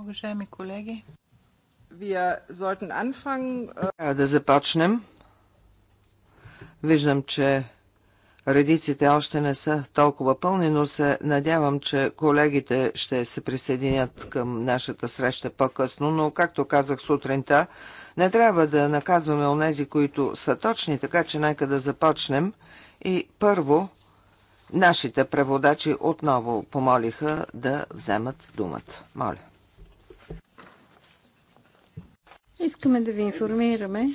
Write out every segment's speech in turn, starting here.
Уважаеми колеги. Трябва äh, е, да започнем. Виждам, че редиците още не са толкова пълни, но се надявам, че колегите ще се присъединят към нашата среща по-късно. Но, както казах сутринта, не трябва да наказваме онези, които са точни, така че нека да започнем. И първо Нашите преводачи отново помолиха да вземат думата. Моля. Искаме да ви информираме,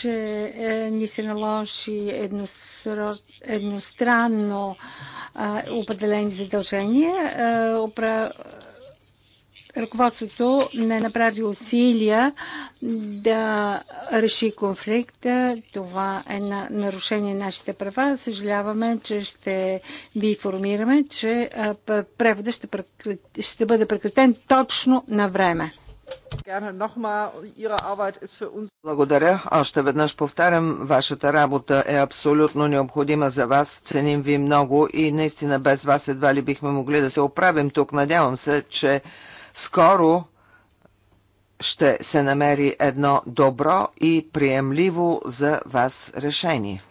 че е, ни се наложи едностранно определени задължения. Е, опра ръководството не направи усилия да реши конфликта. Това е на нарушение на нашите права. Съжаляваме, че ще ви информираме, че превода ще, прекрат... ще бъде прекратен точно на време. Благодаря. Още веднъж повтарям, вашата работа е абсолютно необходима за вас. Ценим ви много и наистина без вас едва ли бихме могли да се оправим тук. Надявам се, че скоро ще се намери едно добро и приемливо за вас решение.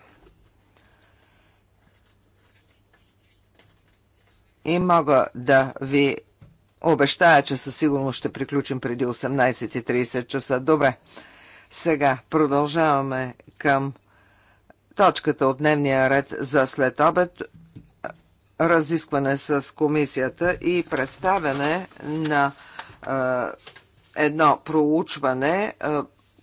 И мога да ви обещая, че със сигурност ще приключим преди 18.30 часа. Добре, сега продължаваме към точката от дневния ред за след обед разискване с комисията и представяне на едно проучване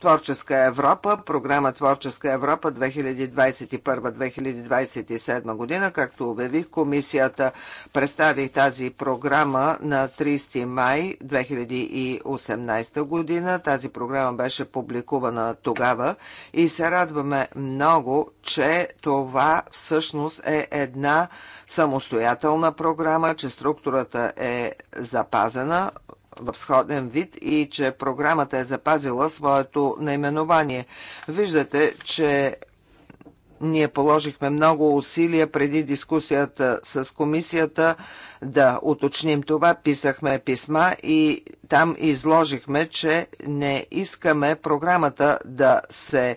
Творческа Европа, програма Творческа Европа 2021-2027 година. Както обявих, комисията представи тази програма на 30 май 2018 година. Тази програма беше публикувана тогава и се радваме много, че това всъщност е една самостоятелна програма, че структурата е запазена в сходен вид и че програмата е запазила своето наименование. Виждате, че ние положихме много усилия преди дискусията с комисията да уточним това. Писахме писма и там изложихме, че не искаме програмата да се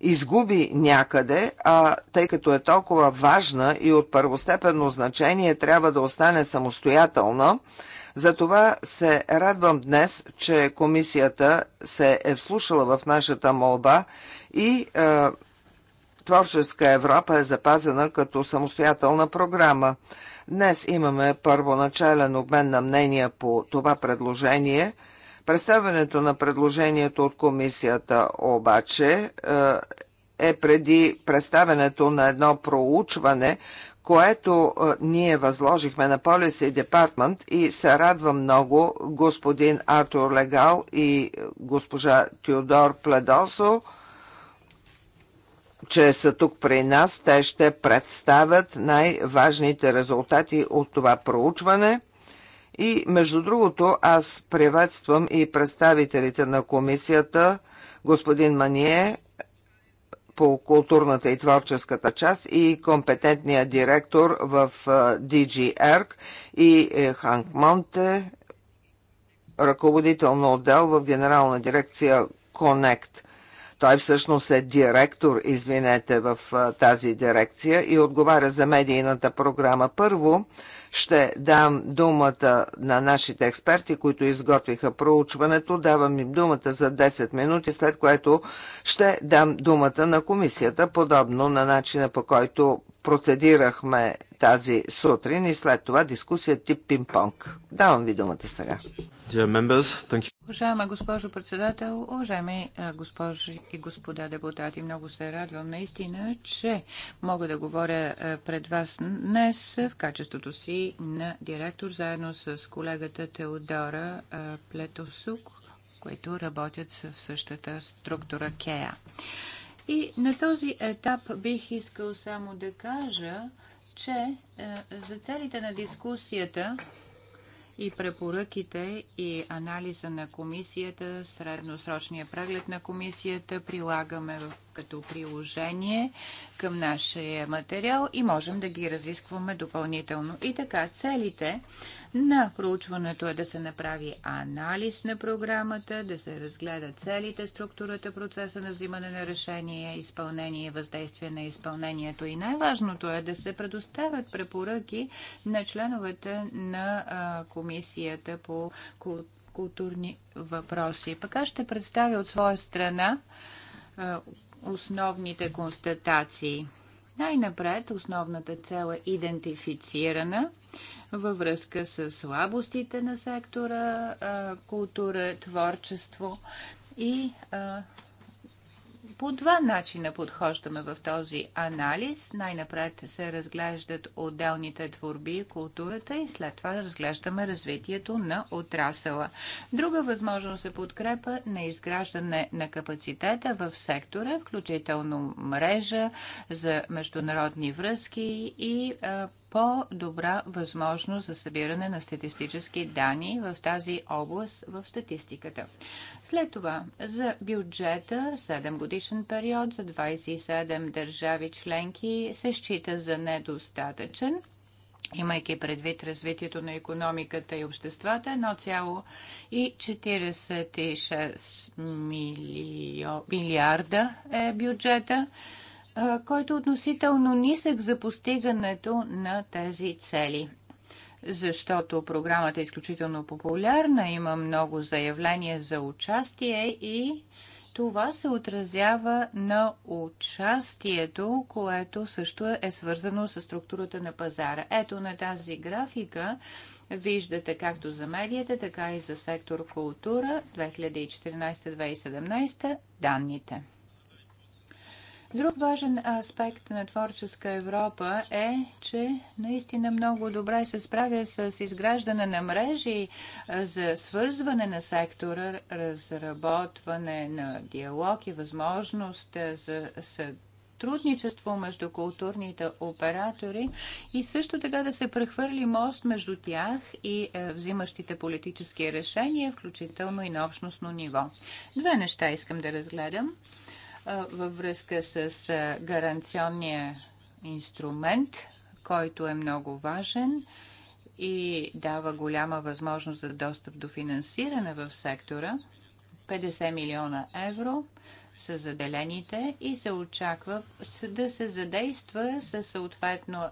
изгуби някъде, а тъй като е толкова важна и от първостепенно значение, трябва да остане самостоятелна затова се радвам днес, че комисията се е вслушала в нашата молба и е, Творческа Европа е запазена като самостоятелна програма. Днес имаме първоначален обмен на мнения по това предложение. Представянето на предложението от комисията обаче е, е преди представянето на едно проучване, което е, ние възложихме на Policy Department и се радва много господин Артур Легал и е, госпожа Теодор Пледосо, че са тук при нас. Те ще представят най-важните резултати от това проучване. И между другото, аз приветствам и представителите на комисията, господин Мание, по културната и творческата част и компетентния директор в DG ERC и е, Ханк Монте, ръководител на отдел в генерална дирекция Connect. Той всъщност е директор, извинете, в тази дирекция и отговаря за медийната програма. Първо, ще дам думата на нашите експерти, които изготвиха проучването. Давам им думата за 10 минути, след което ще дам думата на комисията, подобно на начина по който процедирахме тази сутрин и след това дискусия тип пинг-понг. Давам ви думата сега. Уважаема госпожо председател, уважаеми госпожи и господа депутати, много се радвам наистина, че мога да говоря пред вас днес в качеството си на директор, заедно с колегата Теодора Плетосук, които работят в същата структура КЕА. И на този етап бих искал само да кажа, че за целите на дискусията и препоръките и анализа на комисията, средносрочния преглед на комисията прилагаме като приложение към нашия материал и можем да ги разискваме допълнително. И така, целите на проучването е да се направи анализ на програмата, да се разгледа целите, структурата, процеса на взимане на решение, изпълнение и въздействие на изпълнението. И най-важното е да се предоставят препоръки на членовете на Комисията по културни въпроси. Пък аз ще представя от своя страна основните констатации. Най-напред основната цел е идентифицирана във връзка с слабостите на сектора, култура, творчество и по два начина подхождаме в този анализ. Най-напред се разглеждат отделните творби, културата и след това разглеждаме развитието на отрасъла. Друга възможност е подкрепа на изграждане на капацитета в сектора, включително мрежа за международни връзки и по-добра възможност за събиране на статистически данни в тази област в статистиката. След това за бюджета 7 годишна двегодишен период за 27 държави членки се счита за недостатъчен имайки предвид развитието на економиката и обществата, 1,46 милиарда е бюджета, който относително нисък за постигането на тези цели. Защото програмата е изключително популярна, има много заявления за участие и това се отразява на участието, което също е свързано с структурата на пазара. Ето на тази графика виждате както за медията, така и за сектор култура 2014-2017 данните. Друг важен аспект на творческа Европа е, че наистина много добре се справя с изграждане на мрежи за свързване на сектора, разработване на диалог и възможност за сътрудничество между културните оператори и също така да се прехвърли мост между тях и взимащите политически решения, включително и на общностно ниво. Две неща искам да разгледам във връзка с гаранционния инструмент, който е много важен и дава голяма възможност за достъп до финансиране в сектора. 50 милиона евро са заделените и се очаква да се задейства със съответно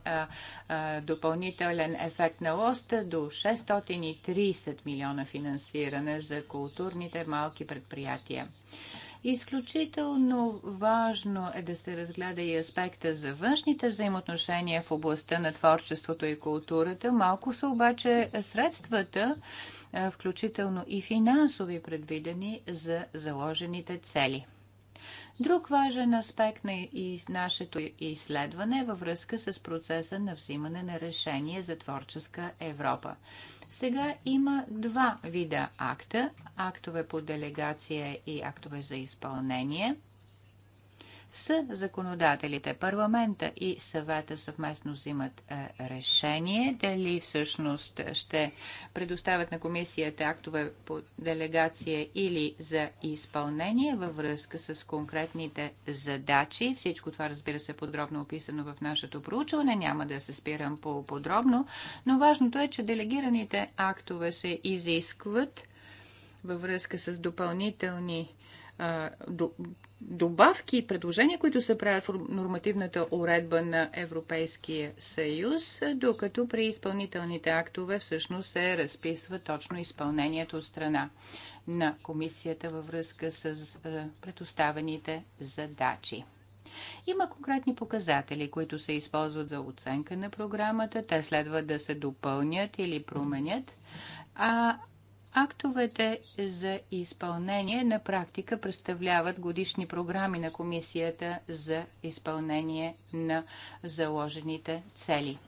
допълнителен ефект на лоста до 630 милиона финансиране за културните малки предприятия. Изключително важно е да се разгледа и аспекта за външните взаимоотношения в областта на творчеството и културата. Малко са обаче средствата, включително и финансови предвидени за заложените цели. Друг важен аспект на и нашето изследване е във връзка с процеса на взимане на решение за творческа Европа. Сега има два вида акта актове по делегация и актове за изпълнение. С законодателите. Парламента и съвета съвместно взимат е, решение дали всъщност ще предоставят на комисията актове по делегация или за изпълнение във връзка с конкретните задачи. Всичко това, разбира се, е подробно описано в нашето проучване. Няма да се спирам по-подробно, но важното е, че делегираните актове се изискват във връзка с допълнителни добавки и предложения, които се правят в нормативната уредба на Европейския съюз, докато при изпълнителните актове всъщност се разписва точно изпълнението от страна на комисията във връзка с е, предоставените задачи. Има конкретни показатели, които се използват за оценка на програмата. Те следва да се допълнят или променят. А Актовете за изпълнение на практика представляват годишни програми на Комисията за изпълнение на заложените цели.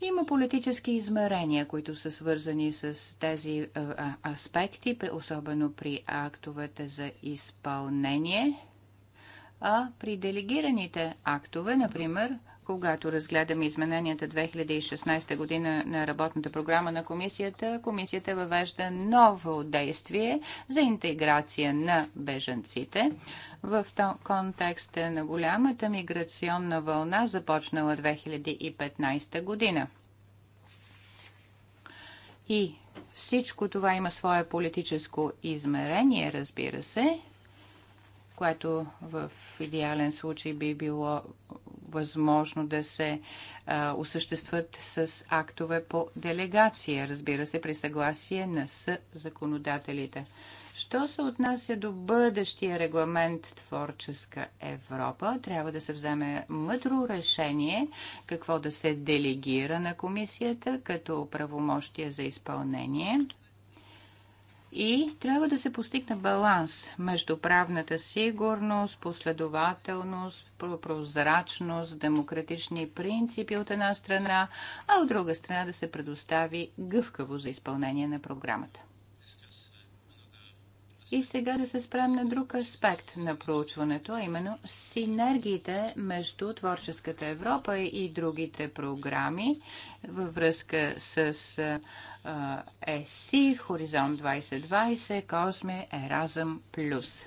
Има политически измерения, които са свързани с тези аспекти, особено при актовете за изпълнение а при делегираните актове, например, когато разгледаме измененията 2016 година на работната програма на комисията, комисията въвежда ново действие за интеграция на бежанците в контекста на голямата миграционна вълна, започнала 2015 година. И всичко това има свое политическо измерение, разбира се, което в идеален случай би било възможно да се а, осъществят с актове по делегация, разбира се, при съгласие на с законодателите. Що се отнася до бъдещия регламент Творческа Европа, трябва да се вземе мъдро решение какво да се делегира на комисията като правомощие за изпълнение и трябва да се постигне баланс между правната сигурност, последователност, прозрачност, демократични принципи от една страна, а от друга страна да се предостави гъвкаво за изпълнение на програмата. И сега да се спрем на друг аспект на проучването, а именно синергиите между Творческата Европа и другите програми във връзка с ЕСИ, Хоризонт 2020, Косме, Еразъм Плюс.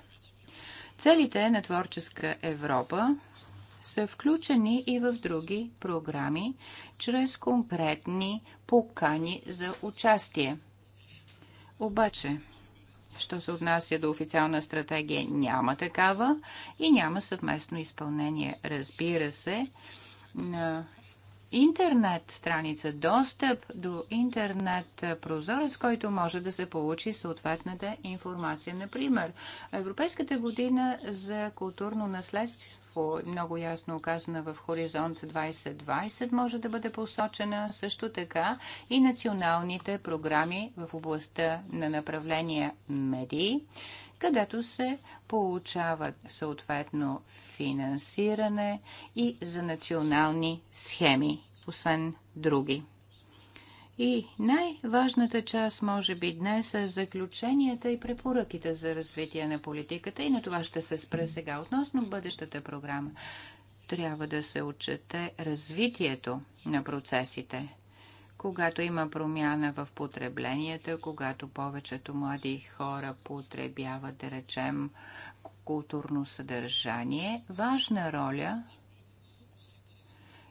Целите на Творческа Европа са включени и в други програми, чрез конкретни покани за участие. Обаче, Що се отнася до официална стратегия, няма такава и няма съвместно изпълнение. Разбира се, на интернет страница, достъп до интернет прозорец, който може да се получи съответната информация. Например, Европейската година за културно наследство много ясно оказана в Хоризонт 2020, може да бъде посочена също така и националните програми в областта на направление медии, където се получават съответно финансиране и за национални схеми, освен други. И най-важната част, може би, днес е заключенията и препоръките за развитие на политиката. И на това ще се спра сега относно бъдещата програма. Трябва да се отчете развитието на процесите. Когато има промяна в потребленията, когато повечето млади хора потребяват, да речем, културно съдържание, важна роля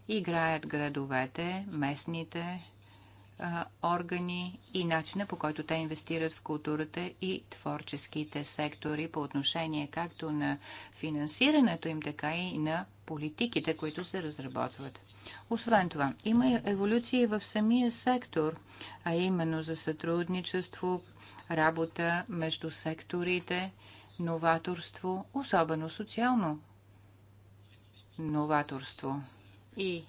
играят градовете, местните а, органи и начина по който те инвестират в културата и творческите сектори по отношение както на финансирането им, така и на политиките, които се разработват. Освен това, има еволюции в самия сектор, а именно за сътрудничество, работа между секторите, новаторство, особено социално новаторство. И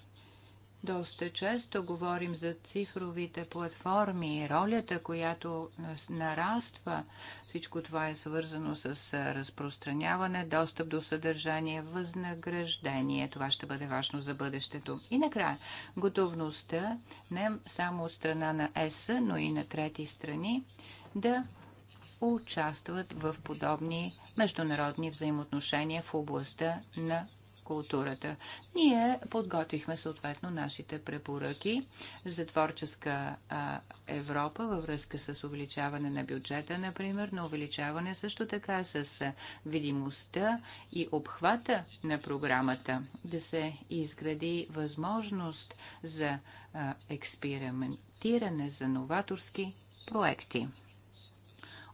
доста често говорим за цифровите платформи, ролята, която нараства. Всичко това е свързано с разпространяване, достъп до съдържание, възнаграждение. Това ще бъде важно за бъдещето. И накрая, готовността не само от страна на ЕС, но и на трети страни да участват в подобни международни взаимоотношения в областта на културата. Ние подготвихме съответно нашите препоръки за творческа а, Европа във връзка с увеличаване на бюджета, например, на увеличаване също така с видимостта и обхвата на програмата, да се изгради възможност за а, експериментиране за новаторски проекти.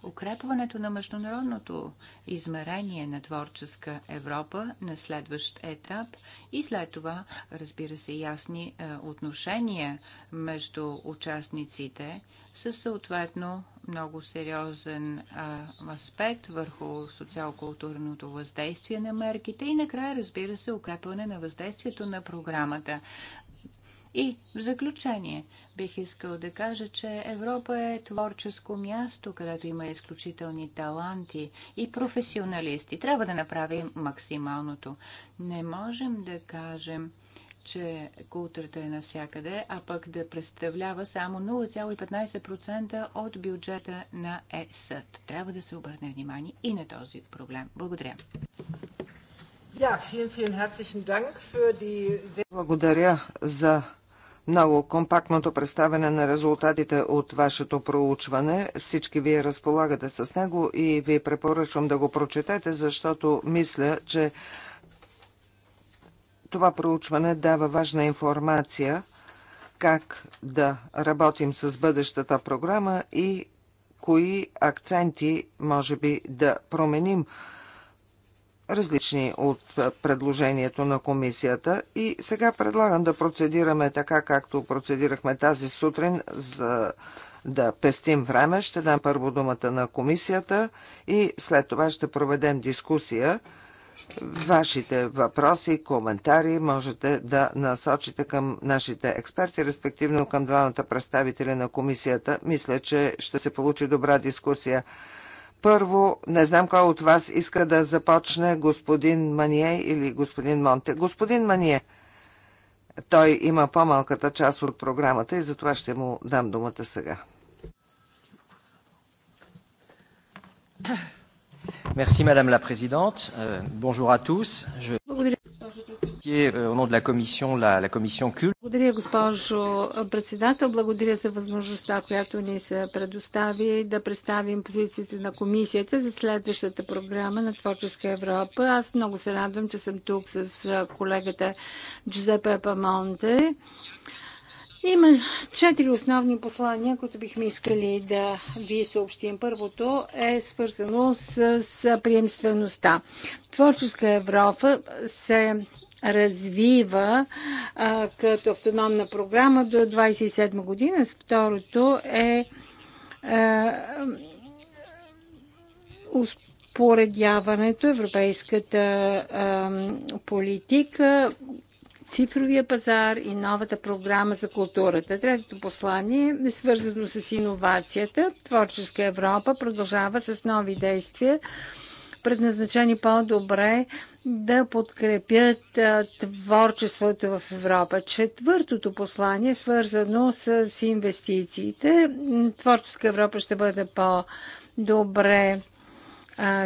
Укрепването на международното измерение на творческа Европа на следващ етап и след това, разбира се, ясни е, отношения между участниците със съответно много сериозен а, е, аспект върху социал-културното въздействие на мерките и накрая, разбира се, укрепване на въздействието на програмата. И в заключение бих искал да кажа, че Европа е творческо място, където има изключителни таланти и професионалисти. Трябва да направим максималното. Не можем да кажем, че културата е навсякъде, а пък да представлява само 0,15% от бюджета на ЕС. Трябва да се обърне внимание и на този проблем. Благодаря. vielen, vielen Благодаря за много компактното представяне на резултатите от вашето проучване. Всички вие разполагате с него и ви препоръчвам да го прочетете, защото мисля, че това проучване дава важна информация как да работим с бъдещата програма и кои акценти може би да променим различни от предложението на комисията и сега предлагам да процедираме така, както процедирахме тази сутрин за да пестим време. Ще дам първо думата на комисията и след това ще проведем дискусия. Вашите въпроси, коментари можете да насочите към нашите експерти, респективно към двамата представители на комисията. Мисля, че ще се получи добра дискусия. Първо, не знам кой от вас иска да започне господин Мание или господин Монте. Господин Мание, той има по-малката част от програмата и затова ще му дам думата сега. Merci madame la présidente. Euh, bonjour à tous. Je... Благодаря, госпожо председател. Euh, Благодаря, госпожо председател. Благодаря за възможността, която ни се предостави да представим позициите на комисията за следващата програма на Творческа Европа. Аз много се радвам, че съм тук с колегата Джузепе Памонте. Има четири основни послания, които бихме искали да ви съобщим. Първото е свързано с, с приемствеността. Творческа Европа се развива а, като автономна програма до 27 година. Второто е а, успоредяването, европейската а, политика цифровия пазар и новата програма за културата. Третото послание е свързано с иновацията. Творческа Европа продължава с нови действия, предназначени по-добре да подкрепят творчеството в Европа. Четвъртото послание е свързано с инвестициите. Творческа Европа ще бъде по-добре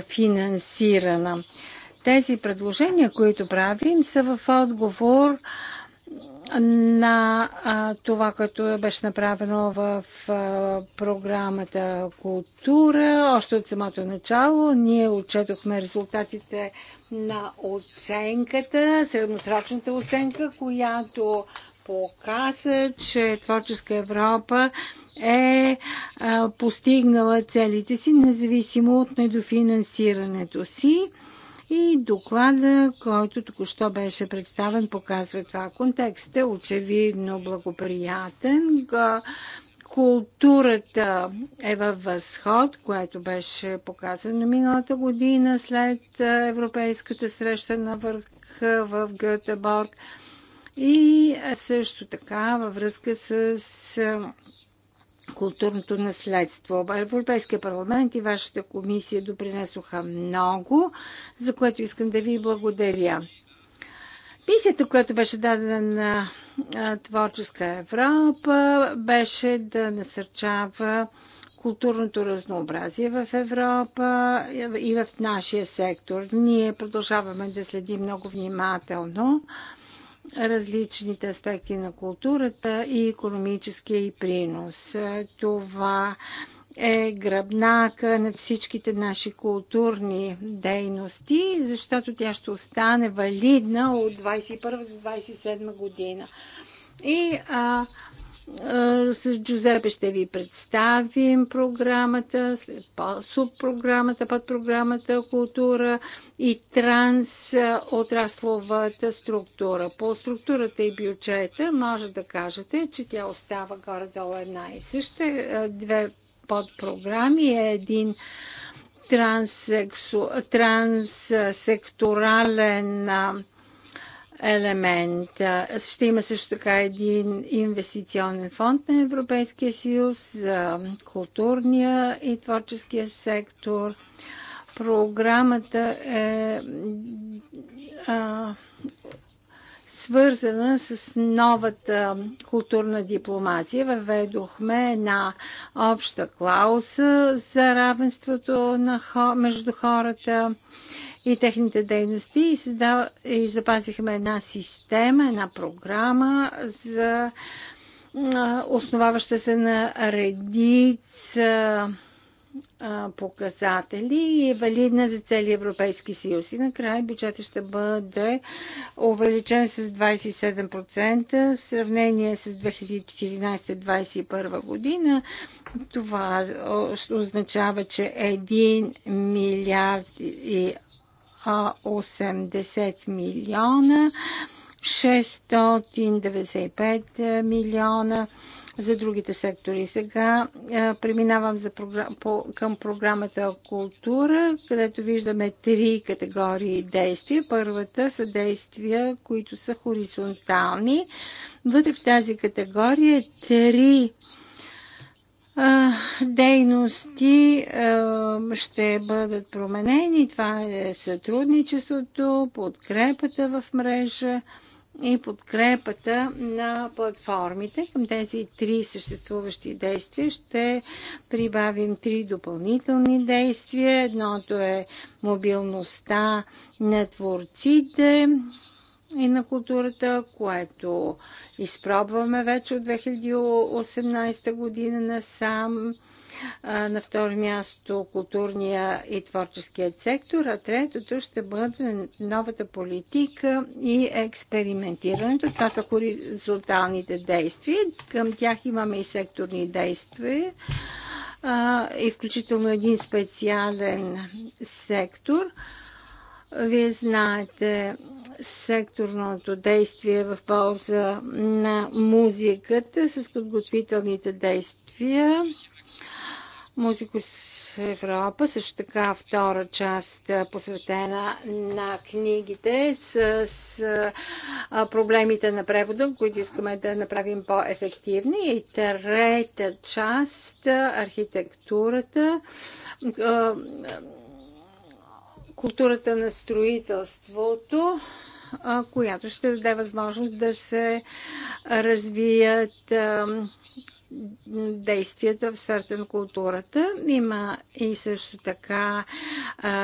финансирана. Тези предложения, които правим, са в отговор на а, това, което беше направено в а, програмата Култура. Още от самото начало ние отчетохме резултатите на оценката, средносрочната оценка, която показа, че Творческа Европа е а, постигнала целите си, независимо от недофинансирането си. И доклада, който току-що беше представен, показва това. Контекстът е очевидно благоприятен. Културата е във възход, което беше показано миналата година след Европейската среща на върха в Гетеборг. И също така във връзка с културното наследство. Европейския парламент и вашата комисия допринесоха много, за което искам да ви благодаря. Мисията, която беше дадена на Творческа Европа, беше да насърчава културното разнообразие в Европа и в нашия сектор. Ние продължаваме да следим много внимателно различните аспекти на културата и економическия и принос. Това е гръбнака на всичките наши културни дейности, защото тя ще остане валидна от 21 до 27 година. И а, с Джузепе ще ви представим програмата, след субпрограмата, подпрограмата култура и транс отрасловата структура. По структурата и бюджета може да кажете, че тя остава горе-долу една и съща. Две подпрограми е един транссексу, транссекторален елемент. Ще има също така един инвестиционен фонд на Европейския съюз за културния и творческия сектор. Програмата е а, свързана с новата културна дипломация. Въведохме една обща клауса за равенството на, между хората и техните дейности и, създав... и запазихме една система, една програма за основаваща се на редица показатели и е валидна за цели Европейски съюз. И накрая бюджетът ще бъде увеличен с 27% в сравнение с 2014-2021 година. Това означава, че 1 милиард и 80 милиона, 695 е, милиона за другите сектори. Сега е, преминавам за програм, по, към програмата култура, където виждаме три категории действия. Първата са действия, които са хоризонтални. Вътре в тази категория е три е дейности ще бъдат променени. Това е сътрудничеството, подкрепата в мрежа и подкрепата на платформите. Към тези три съществуващи действия ще прибавим три допълнителни действия. Едното е мобилността на творците, и на културата, което изпробваме вече от 2018 година насам. На второ място културния и творческият сектор, а третото ще бъде новата политика и експериментирането. Това са хоризонталните действия. Към тях имаме и секторни действия и включително един специален сектор. Вие знаете секторното действие в полза на музиката с подготвителните действия. Музикус Европа, също така втора част посветена на книгите с, с проблемите на превода, които искаме да направим по-ефективни. И трета част архитектурата културата на строителството, която ще даде възможност да се развият действията в сферата на културата. Има и също така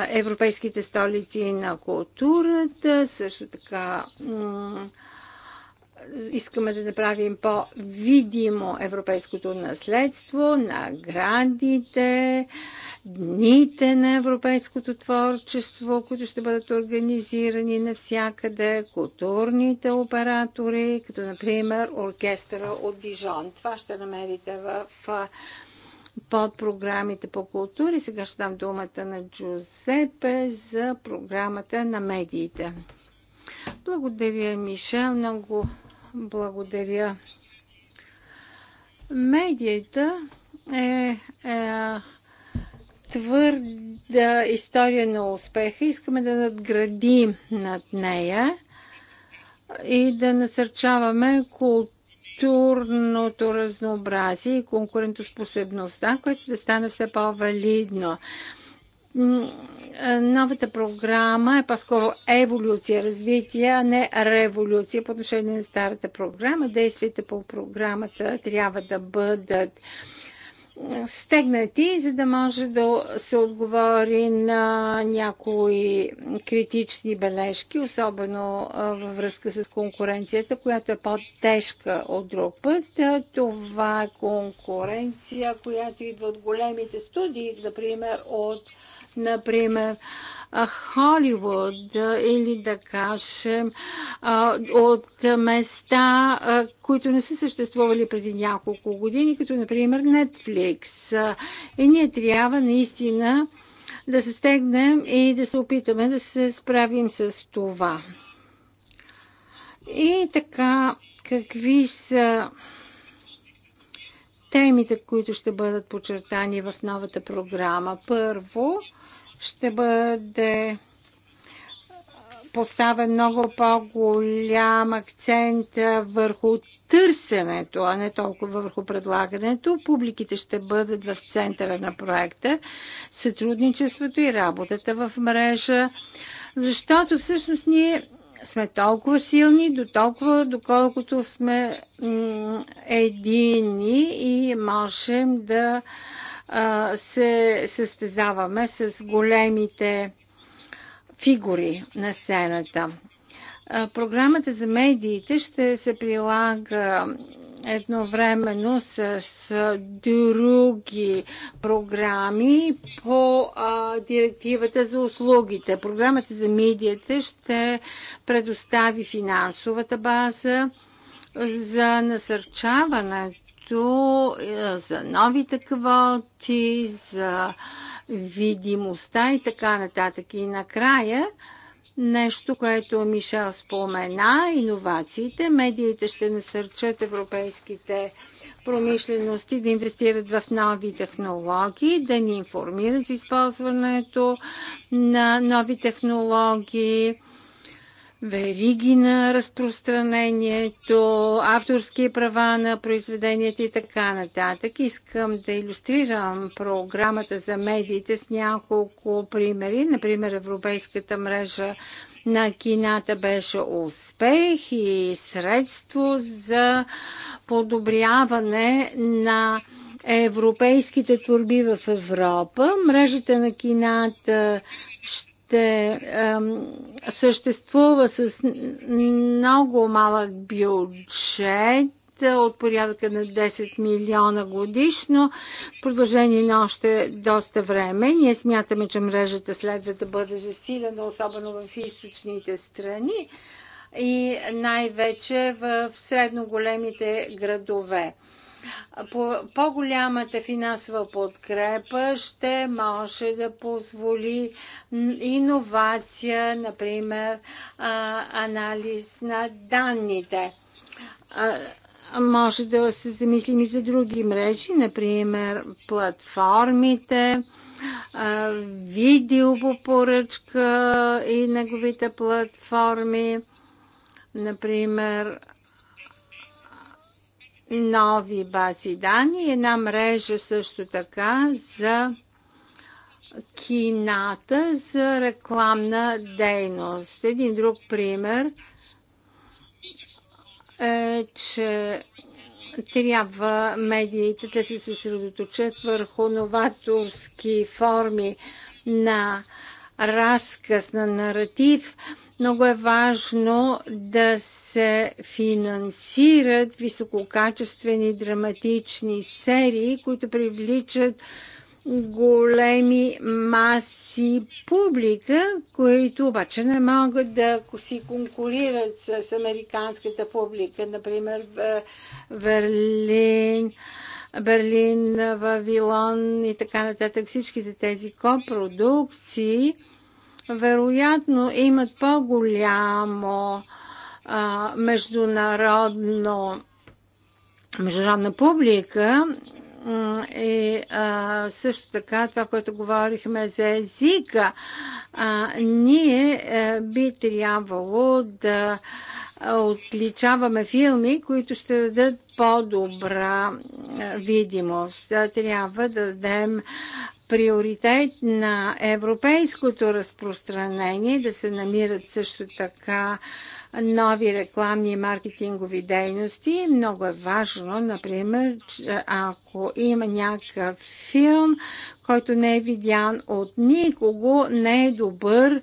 европейските столици на културата, също така искаме да направим по-видимо европейското наследство, наградите, дните на европейското творчество, които ще бъдат организирани навсякъде, културните оператори, като например оркестъра от Дижон. Това ще намерите в под програмите по култури. Сега ще дам думата на Джузепе за програмата на медиите. Благодаря, Мишел. Много благодаря. Медията е, е твърда история на успеха. Искаме да надградим над нея и да насърчаваме културното разнообразие и конкурентоспособността, което да стане все по-валидно. Е, новата програма е по-скоро еволюция, развитие, а не революция по отношение на старата програма. Действията по програмата трябва да бъдат стегнати, за да може да се отговори на някои критични бележки, особено във връзка с конкуренцията, която е по-тежка от друг път. Това е конкуренция, която идва от големите студии, например от например, Холивуд или да кажем от места, които не са съществували преди няколко години, като например Netflix. И ние трябва наистина да се стегнем и да се опитаме да се справим с това. И така, какви са темите, които ще бъдат подчертани в новата програма? Първо, ще бъде поставен много по-голям акцент върху търсенето, а не толкова върху предлагането. Публиките ще бъдат в центъра на проекта, сътрудничеството и работата в мрежа, защото всъщност ние сме толкова силни, до толкова, доколкото сме едини и можем да се състезаваме с големите фигури на сцената. Програмата за медиите ще се прилага едновременно с други програми по директивата за услугите. Програмата за медиите ще предостави финансовата база за насърчаването също е, за новите квоти, за видимостта и така нататък. И накрая нещо, което Мишел спомена, иновациите. Медиите ще насърчат европейските промишлености да инвестират в нови технологии, да ни информират за използването на нови технологии вериги на разпространението, авторски права на произведенията и така нататък. Искам да иллюстрирам програмата за медиите с няколко примери. Например, Европейската мрежа на кината беше успех и средство за подобряване на европейските творби в Европа. Мрежата на кината ще ще съществува с много малък бюджет от порядъка на 10 милиона годишно, продължение на още доста време. Ние смятаме, че мрежата следва да бъде засилена, особено в източните страни и най-вече в средно големите градове по-голямата финансова подкрепа ще може да позволи иновация, например, анализ на данните може да се замислим и за други мрежи, например платформите, видео по поръчка и неговите платформи, например нови бази данни, една мрежа също така за кината за рекламна дейност. Един друг пример е, че трябва медиите да се съсредоточат върху новаторски форми на разказ, на наратив, много е важно да се финансират висококачествени драматични серии, които привличат големи маси публика, които обаче не могат да си конкурират с американската публика. Например, Берлин, Берлин, Вавилон и така нататък. Всичките тези копродукции – вероятно имат по-голямо международно международна публика и а, също така това, което говорихме за езика, а, ние а, е, би трябвало да отличаваме филми, които ще дадат по-добра видимост. Трябва да дадем приоритет на европейското разпространение да се намират също така нови рекламни и маркетингови дейности. Много е важно, например, ако има някакъв филм, който не е видян от никого, не е добър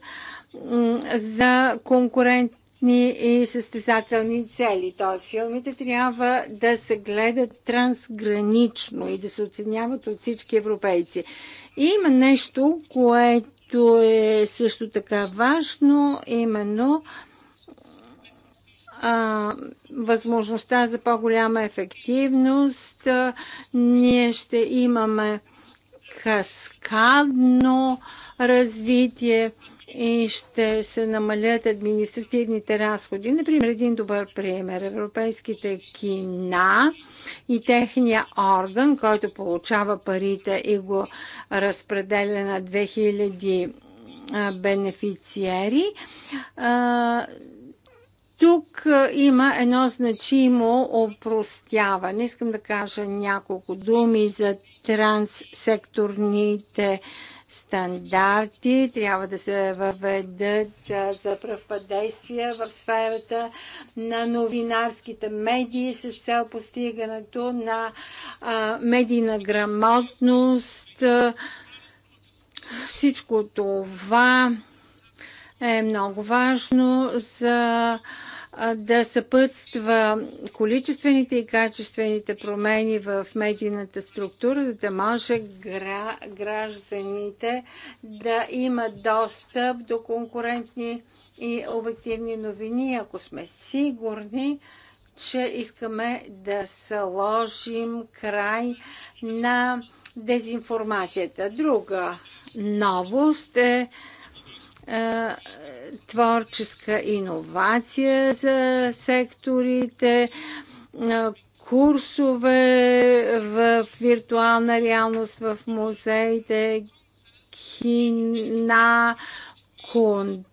за конкурент ни и състезателни цели. Т.е. филмите трябва да се гледат трансгранично и да се оценяват от всички европейци. И има нещо, което е също така важно, именно а, възможността за по-голяма ефективност. А, ние ще имаме каскадно развитие и ще се намалят административните разходи. Например, един добър пример. Европейските кина и техния орган, който получава парите и го разпределя на 2000 бенефициери. Тук има едно значимо опростяване. Искам да кажа няколко думи за транссекторните стандарти трябва да се въведат за действия в сферата на новинарските медии с цел постигането на медийна грамотност. Всичко това е много важно за да съпътства количествените и качествените промени в медийната структура, за да може гражданите да имат достъп до конкурентни и обективни новини, ако сме сигурни, че искаме да сложим край на дезинформацията. Друга новост е е, творческа иновация за секторите, е, курсове в виртуална реалност в музеите, кина, контакт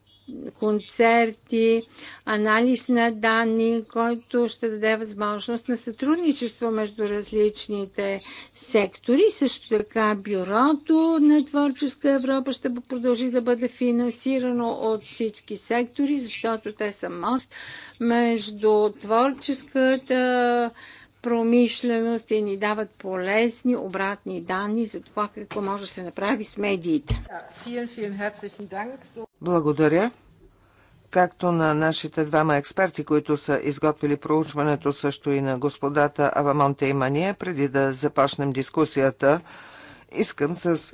концерти, анализ на данни, който ще даде възможност на сътрудничество между различните сектори. Също така бюрото на Творческа Европа ще продължи да бъде финансирано от всички сектори, защото те са мост между творческата промишленост и ни дават полезни обратни данни за това какво може да се направи с медиите. Благодаря както на нашите двама експерти, които са изготвили проучването, също и на господата Авамонте и Мания, преди да започнем дискусията. Искам с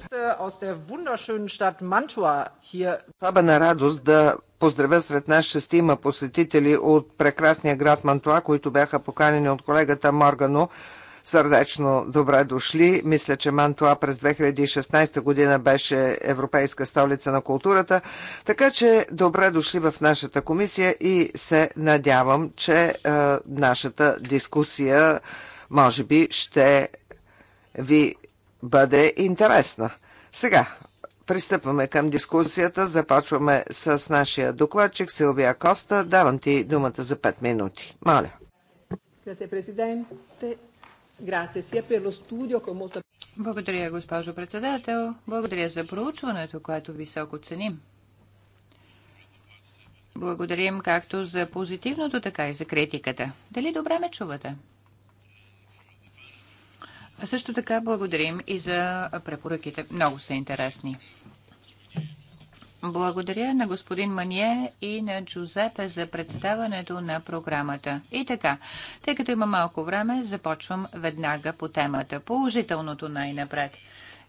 особена радост да поздравя сред нас шестима посетители от прекрасния град Мантуа, които бяха поканени от колегата Моргано сърдечно добре дошли. Мисля, че Мантуа през 2016 година беше Европейска столица на културата, така че добре дошли в нашата комисия и се надявам, че е, нашата дискусия може би ще ви бъде интересна. Сега, Пристъпваме към дискусията. Започваме с нашия докладчик Силвия Коста. Давам ти думата за 5 минути. Моля. Grazie Presidente, Грация студио, Благодаря, госпожо председател. Благодаря за проучването, което високо ценим. Благодарим както за позитивното, така и за критиката. Дали добре ме чувате? А също така благодарим и за препоръките. Много са интересни. Благодаря на господин Мание и на Джузепе за представането на програмата. И така, тъй като има малко време, започвам веднага по темата. Положителното най-напред.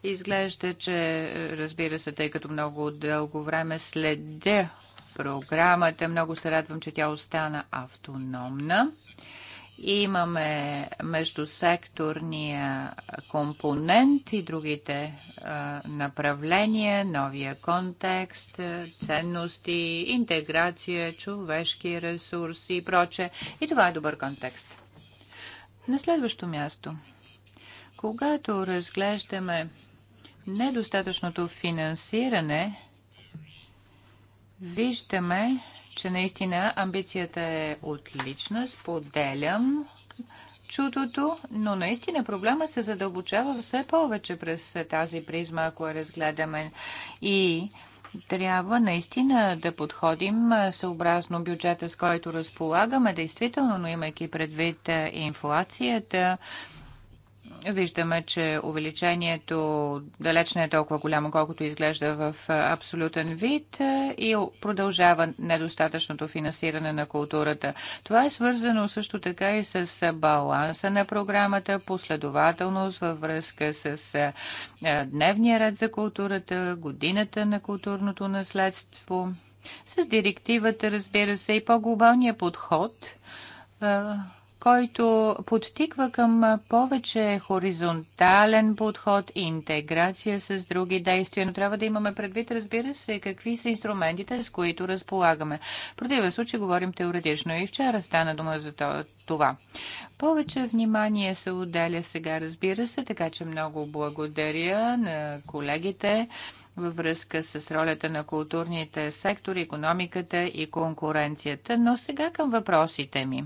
Изглежда, че, разбира се, тъй като много дълго време следя програмата, много се радвам, че тя остана автономна. Имаме междусекторния компонент и другите направления, новия контекст, ценности, интеграция, човешки ресурси и проче. И това е добър контекст. На следващо място, когато разглеждаме недостатъчното финансиране Виждаме, че наистина амбицията е отлична. Споделям чудото, но наистина проблема се задълбочава все повече през тази призма, ако разгледаме. И трябва наистина да подходим съобразно бюджета, с който разполагаме, действително, но имайки предвид е, инфлацията, Виждаме, че увеличението далеч не е толкова голямо, колкото изглежда в абсолютен вид и продължава недостатъчното финансиране на културата. Това е свързано също така и с баланса на програмата, последователност във връзка с дневния ред за културата, годината на културното наследство. С директивата, разбира се, и по-глобалния подход – който подтиква към повече хоризонтален подход и интеграция с други действия. Но трябва да имаме предвид, разбира се, какви са инструментите, с които разполагаме. В противен случай говорим теоретично и вчера стана дума за това. Повече внимание се отделя сега, разбира се, така че много благодаря на колегите във връзка с ролята на културните сектори, економиката и конкуренцията. Но сега към въпросите ми.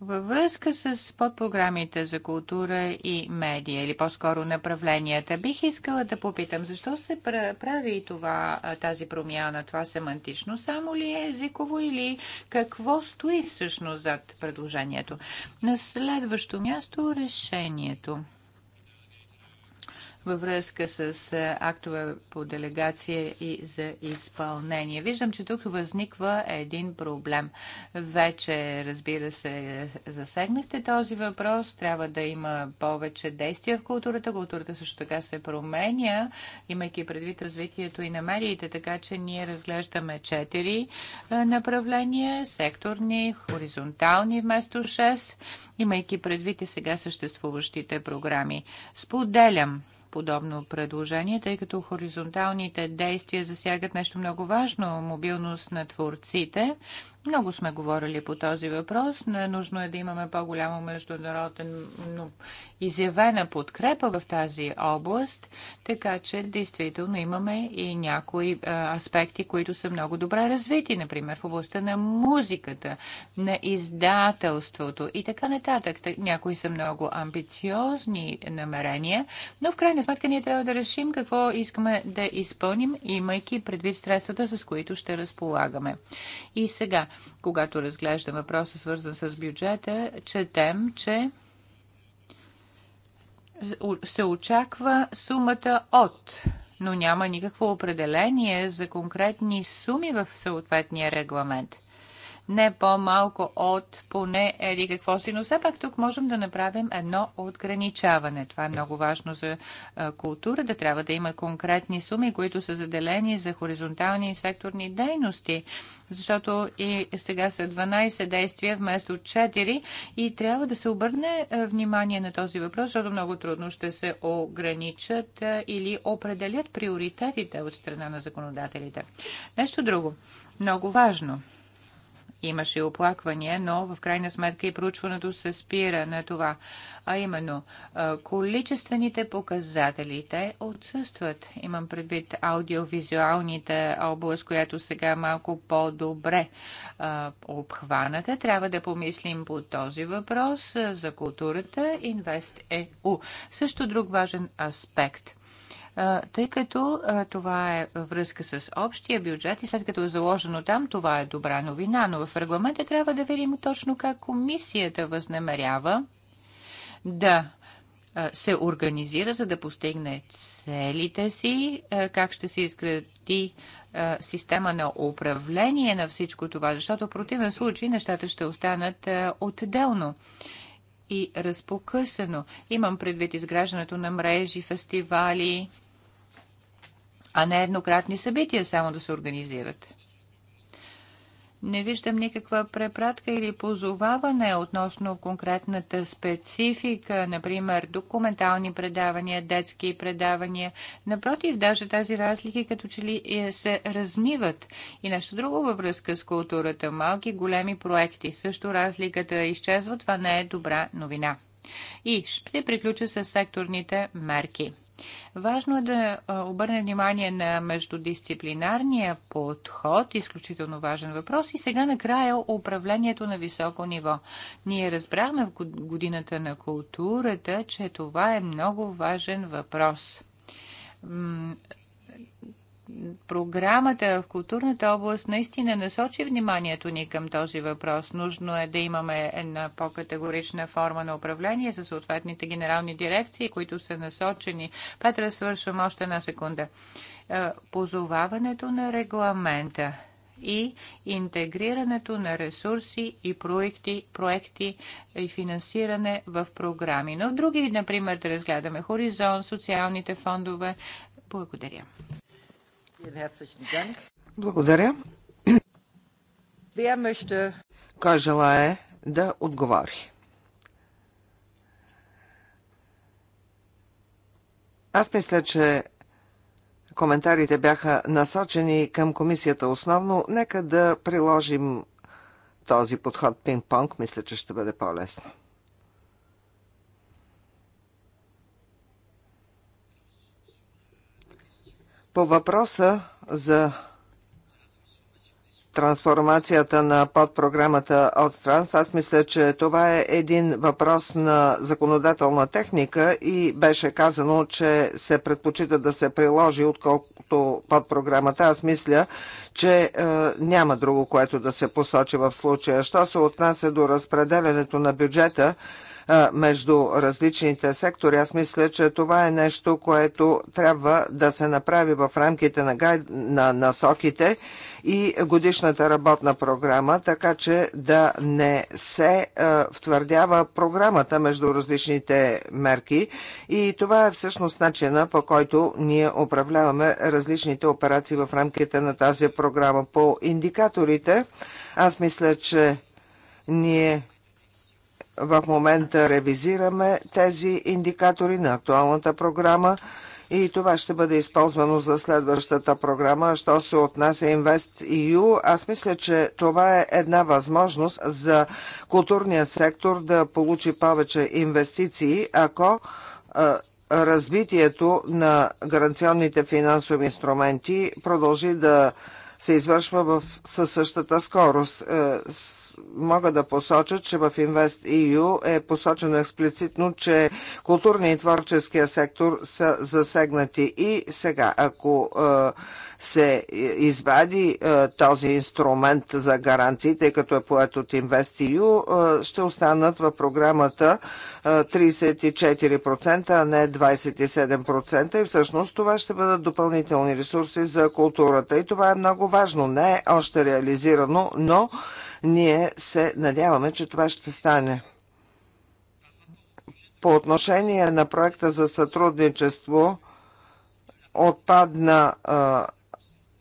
Във връзка с подпрограмите за култура и медия, или по-скоро направленията, бих искала да попитам, защо се прави това, тази промяна, това семантично, само ли е езиково или какво стои всъщност зад предложението? На следващо място решението във връзка с е, актове по делегация и за изпълнение. Виждам, че тук възниква един проблем. Вече, разбира се, засегнахте този въпрос. Трябва да има повече действия в културата. Културата също така се променя, имайки предвид развитието и на медиите, така че ние разглеждаме четири е, направления, секторни, хоризонтални вместо 6, имайки предвид и сега съществуващите програми. Споделям подобно предложение, тъй като хоризонталните действия засягат нещо много важно – мобилност на творците много сме говорили по този въпрос, но е нужно е да имаме по-голямо но изявена подкрепа в тази област, така че действително имаме и някои а, аспекти, които са много добре развити, например в областта на музиката, на издателството и така нататък. Някои са много амбициозни намерения, но в крайна сметка ние трябва да решим какво искаме да изпълним, имайки предвид средствата, с които ще разполагаме. И сега, когато разглеждам въпроса, свързан с бюджета, четем, че се очаква сумата от, но няма никакво определение за конкретни суми в съответния регламент не по-малко от поне еди какво си, но все пак тук можем да направим едно отграничаване. Това е много важно за култура, да трябва да има конкретни суми, които са заделени за хоризонтални и секторни дейности защото и сега са 12 действия вместо 4 и трябва да се обърне внимание на този въпрос, защото много трудно ще се ограничат или определят приоритетите от страна на законодателите. Нещо друго, много важно – Имаше оплаквания, но в крайна сметка и проучването се спира на това. А именно, количествените показателите отсъстват. Имам предвид аудиовизуалните област, която сега малко по-добре обхваната. Трябва да помислим по този въпрос за културата Инвест Също друг важен аспект – тъй като това е връзка с общия бюджет и след като е заложено там, това е добра новина, но в регламента трябва да видим точно как комисията възнамерява да се организира, за да постигне целите си, как ще се изгради система на управление на всичко това, защото в противен случай нещата ще останат отделно и разпокъсано. Имам предвид изграждането на мрежи, фестивали, а не еднократни събития само да се организират. Не виждам никаква препратка или позоваване относно конкретната специфика, например документални предавания, детски предавания. Напротив, даже тази разлики като че ли е, се размиват. И нещо друго във връзка с културата. Малки, големи проекти. Също разликата изчезва. Това не е добра новина. И ще приключа с секторните мерки. Важно е да обърнем внимание на междудисциплинарния подход, изключително важен въпрос. И сега накрая управлението на високо ниво. Ние разбрахме в годината на културата, че това е много важен въпрос програмата в културната област наистина насочи вниманието ни към този въпрос. Нужно е да имаме една по-категорична форма на управление със съответните генерални дирекции, които са насочени. Петра, свършвам още една секунда. Е, позоваването на регламента и интегрирането на ресурси и проекти, проекти и финансиране в програми. Но други, например, да разгледаме Хоризонт, социалните фондове. Благодаря. Благодаря. Кой желае да отговори? Аз мисля, че коментарите бяха насочени към комисията основно. Нека да приложим този подход пинг-понг. Мисля, че ще бъде по-лесно. По въпроса за трансформацията на подпрограмата от Странс, Аз мисля, че това е един въпрос на законодателна техника и беше казано, че се предпочита да се приложи, отколкото подпрограмата. Аз мисля, че е, няма друго, което да се посочи в случая. Що се отнася до разпределянето на бюджета, между различните сектори. Аз мисля, че това е нещо, което трябва да се направи в рамките на, гай... на насоките и годишната работна програма, така че да не се втвърдява програмата между различните мерки. И това е всъщност начина по който ние управляваме различните операции в рамките на тази програма. По индикаторите, аз мисля, че ние в момента ревизираме тези индикатори на актуалната програма и това ще бъде използвано за следващата програма. Що се отнася InvestEU, аз мисля, че това е една възможност за културния сектор да получи повече инвестиции, ако развитието на гаранционните финансови инструменти продължи да се извършва в, със същата скорост. Е, мога да посоча, че в Invest EU е посочено експлицитно, че културния и творческия сектор са засегнати. И сега, ако е, се извади е, този инструмент за гаранции, тъй като е поет от InvestEU, е, ще останат в програмата 34%, а не 27%. И всъщност това ще бъдат допълнителни ресурси за културата. И това е много важно. Не е още реализирано, но ние се надяваме, че това ще стане. По отношение на проекта за сътрудничество, отпадна а,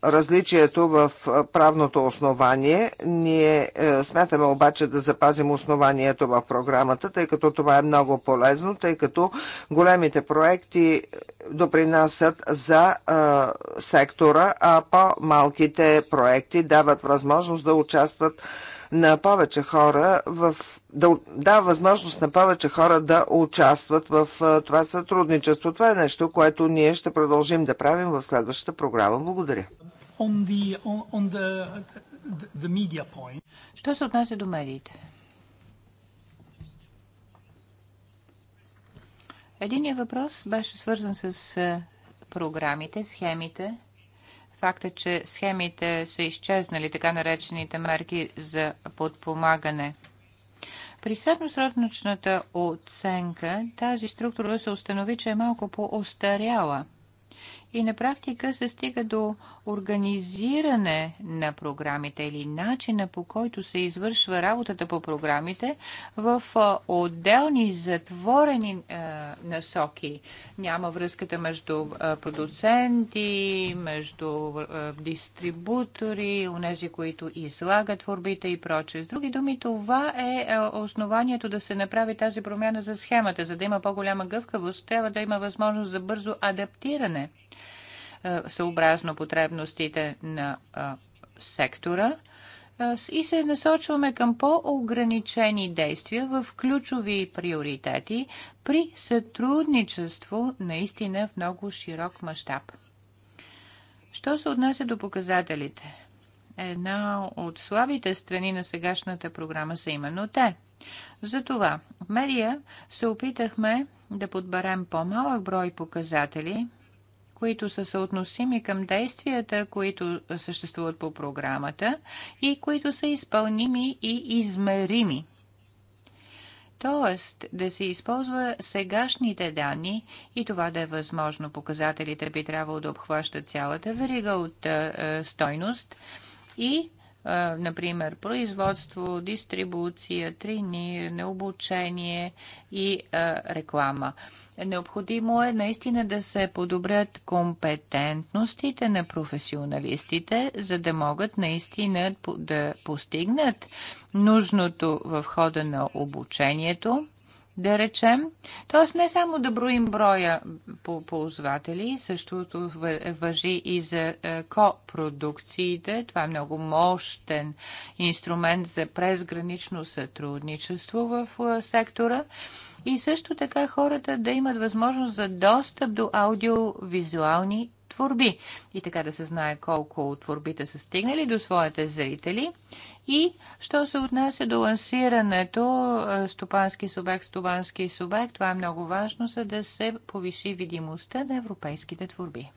различието в правното основание. Ние е, смятаме обаче да запазим основанието в програмата, тъй като това е много полезно, тъй като големите проекти е, допринасят за е, сектора, а по-малките проекти дават възможност да участват на повече хора в, да дава възможност на повече хора да участват в това сътрудничество. Това е нещо, което ние ще продължим да правим в следващата програма. Благодаря. Що се отнася до медиите? Единият въпрос беше свързан с програмите, схемите Факт е, че схемите са изчезнали, така наречените мерки за подпомагане. При средносрочната оценка тази структура се установи, че е малко по-остаряла и на практика се стига до организиране на програмите или начина по който се извършва работата по програмите в отделни затворени е, насоки. Няма връзката между продуценти, между е, дистрибутори, унези, които излагат творбите и прочее. С други думи, това е основанието да се направи тази промяна за схемата. За да има по-голяма гъвкавост, трябва да има възможност за бързо адаптиране е, съобразно потребностите на е, сектора е, и се насочваме към по-ограничени действия в ключови приоритети при сътрудничество наистина в много широк мащаб. Що се отнася до показателите? Една от слабите страни на сегашната програма са именно те. Затова в медия се опитахме да подберем по-малък брой показатели, които са съотносими към действията, които съществуват по програмата и които са изпълними и измерими. Тоест да се използва сегашните данни и това да е възможно. Показателите би трябвало да обхващат цялата верига от е, стойност и например, производство, дистрибуция, трениране, обучение и реклама. Необходимо е наистина да се подобрят компетентностите на професионалистите, за да могат наистина да постигнат нужното в хода на обучението да речем. Тоест не само да броим броя по ползватели, същото въжи и за е, копродукциите. Това е много мощен инструмент за презгранично сътрудничество в е, сектора. И също така хората да имат възможност за достъп до аудиовизуални творби. И така да се знае колко от творбите са стигнали до своите зрители. И що се отнася до лансирането е, стопански субект, стопански субект, това е много важно, за да се повиши видимостта на европейските творби.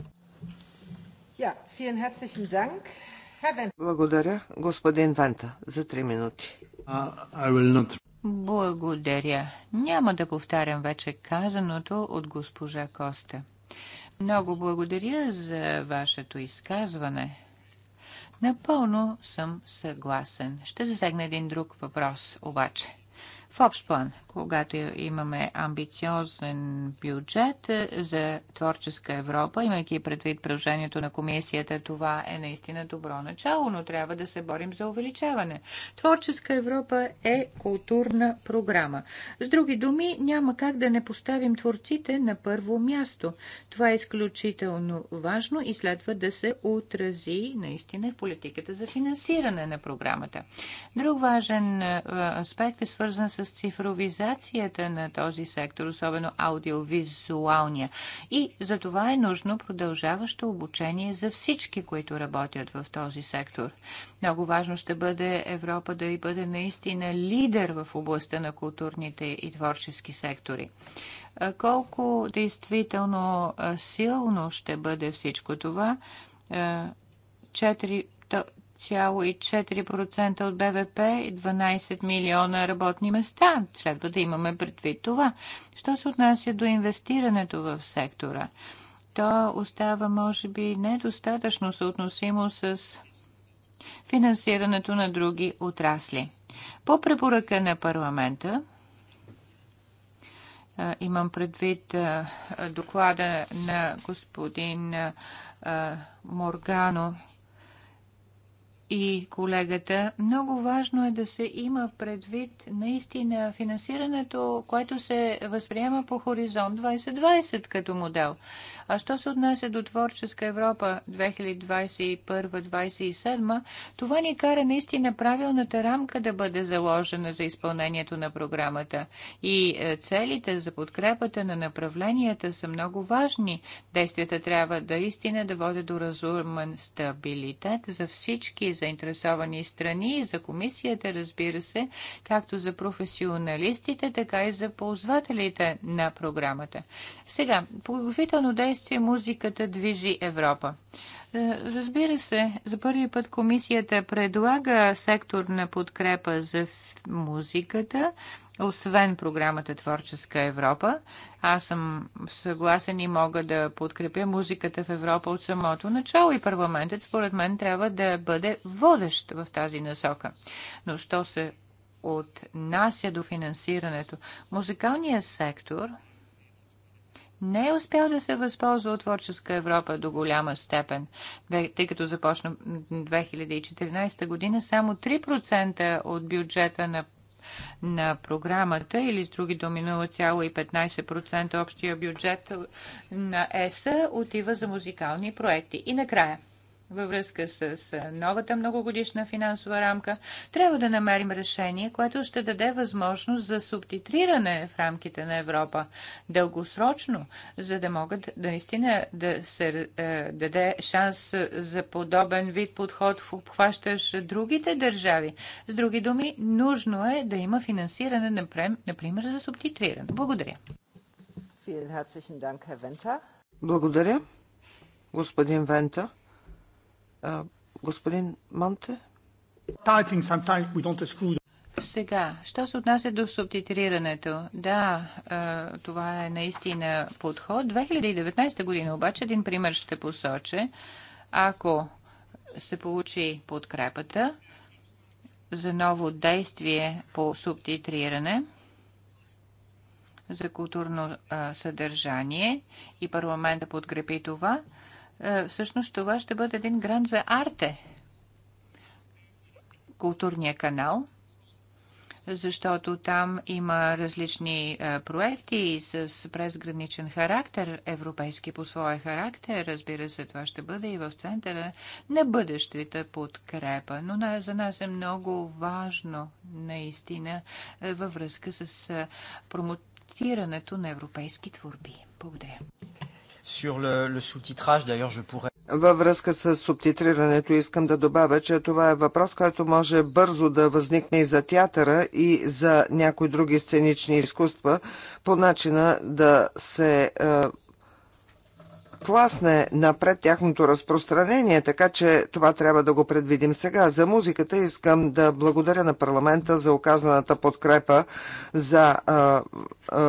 Благодаря, господин Ванта, за три минути. Благодаря. Няма да повтарям вече казаното от госпожа Коста. Много благодаря за вашето изказване. Напълно съм съгласен. Ще засегна един друг въпрос, обаче. В общ план, когато имаме амбициозен бюджет е, за творческа Европа, имайки предвид предложението на комисията, това е наистина добро начало, но трябва да се борим за увеличаване. Творческа Европа е културна програма. С други думи, няма как да не поставим творците на първо място. Това е изключително важно и следва да се отрази наистина в политиката за финансиране на програмата. Друг важен е, аспект е свързан с с цифровизацията на този сектор, особено аудиовизуалния. И за това е нужно продължаващо обучение за всички, които работят в този сектор. Много важно ще бъде Европа да и бъде наистина лидер в областта на културните и творчески сектори колко действително силно ще бъде всичко това. 4, 2,4% от БВП и 12 милиона работни места. Следва да имаме предвид това. Що се отнася до инвестирането в сектора? То остава, може би, недостатъчно съотносимо с финансирането на други отрасли. По препоръка на парламента, имам предвид доклада на господин Моргано, и колегата, много важно е да се има предвид наистина финансирането, което се възприема по Хоризонт 2020 като модел. А що се отнася до Творческа Европа 2021-2027, това ни кара наистина правилната рамка да бъде заложена за изпълнението на програмата. И е, целите за подкрепата на направленията са много важни. Действията трябва да истина да водят до разумен стабилитет за всички заинтересовани страни, и за комисията, разбира се, както за професионалистите, така и за ползвателите на програмата. Сега, подготвително действие музиката движи Европа. Е, разбира се, за първи път комисията предлага сектор на подкрепа за музиката освен програмата Творческа Европа. Аз съм съгласен и мога да подкрепя музиката в Европа от самото начало и парламентът според мен трябва да бъде водещ в тази насока. Но що се отнася до финансирането? Музикалният сектор не е успял да се възползва от творческа Европа до голяма степен, тъй като започна 2014 година само 3% от бюджета на на програмата или с други думи 0,15% общия бюджет на ЕСА отива за музикални проекти. И накрая – във връзка с новата многогодишна финансова рамка, трябва да намерим решение, което ще даде възможност за субтитриране в рамките на Европа дългосрочно, за да могат да наистина да се е, даде шанс за подобен вид подход, обхващащ другите държави. С други думи, нужно е да има финансиране, например, за субтитриране. Благодаря. Благодаря, господин Вента господин Монте? Сега, що се отнася до субтитрирането? Да, това е наистина подход. 2019 година обаче един пример ще посоча. Ако се получи подкрепата за ново действие по субтитриране, за културно съдържание и парламента подкрепи това, е, всъщност това ще бъде един грант за арте, културния канал, защото там има различни е, проекти с презграничен характер, европейски по своя характер. Разбира се, това ще бъде и в центъра на бъдещите подкрепа. Но за нас е много важно, наистина, е, във връзка с промотирането на европейски творби. Благодаря. Във връзка с субтитрирането искам да добавя, че това е въпрос, който може бързо да възникне и за театъра, и за някои други сценични изкуства, по начина да се е, тласне напред тяхното разпространение, така че това трябва да го предвидим сега. За музиката искам да благодаря на парламента за оказаната подкрепа за а, а,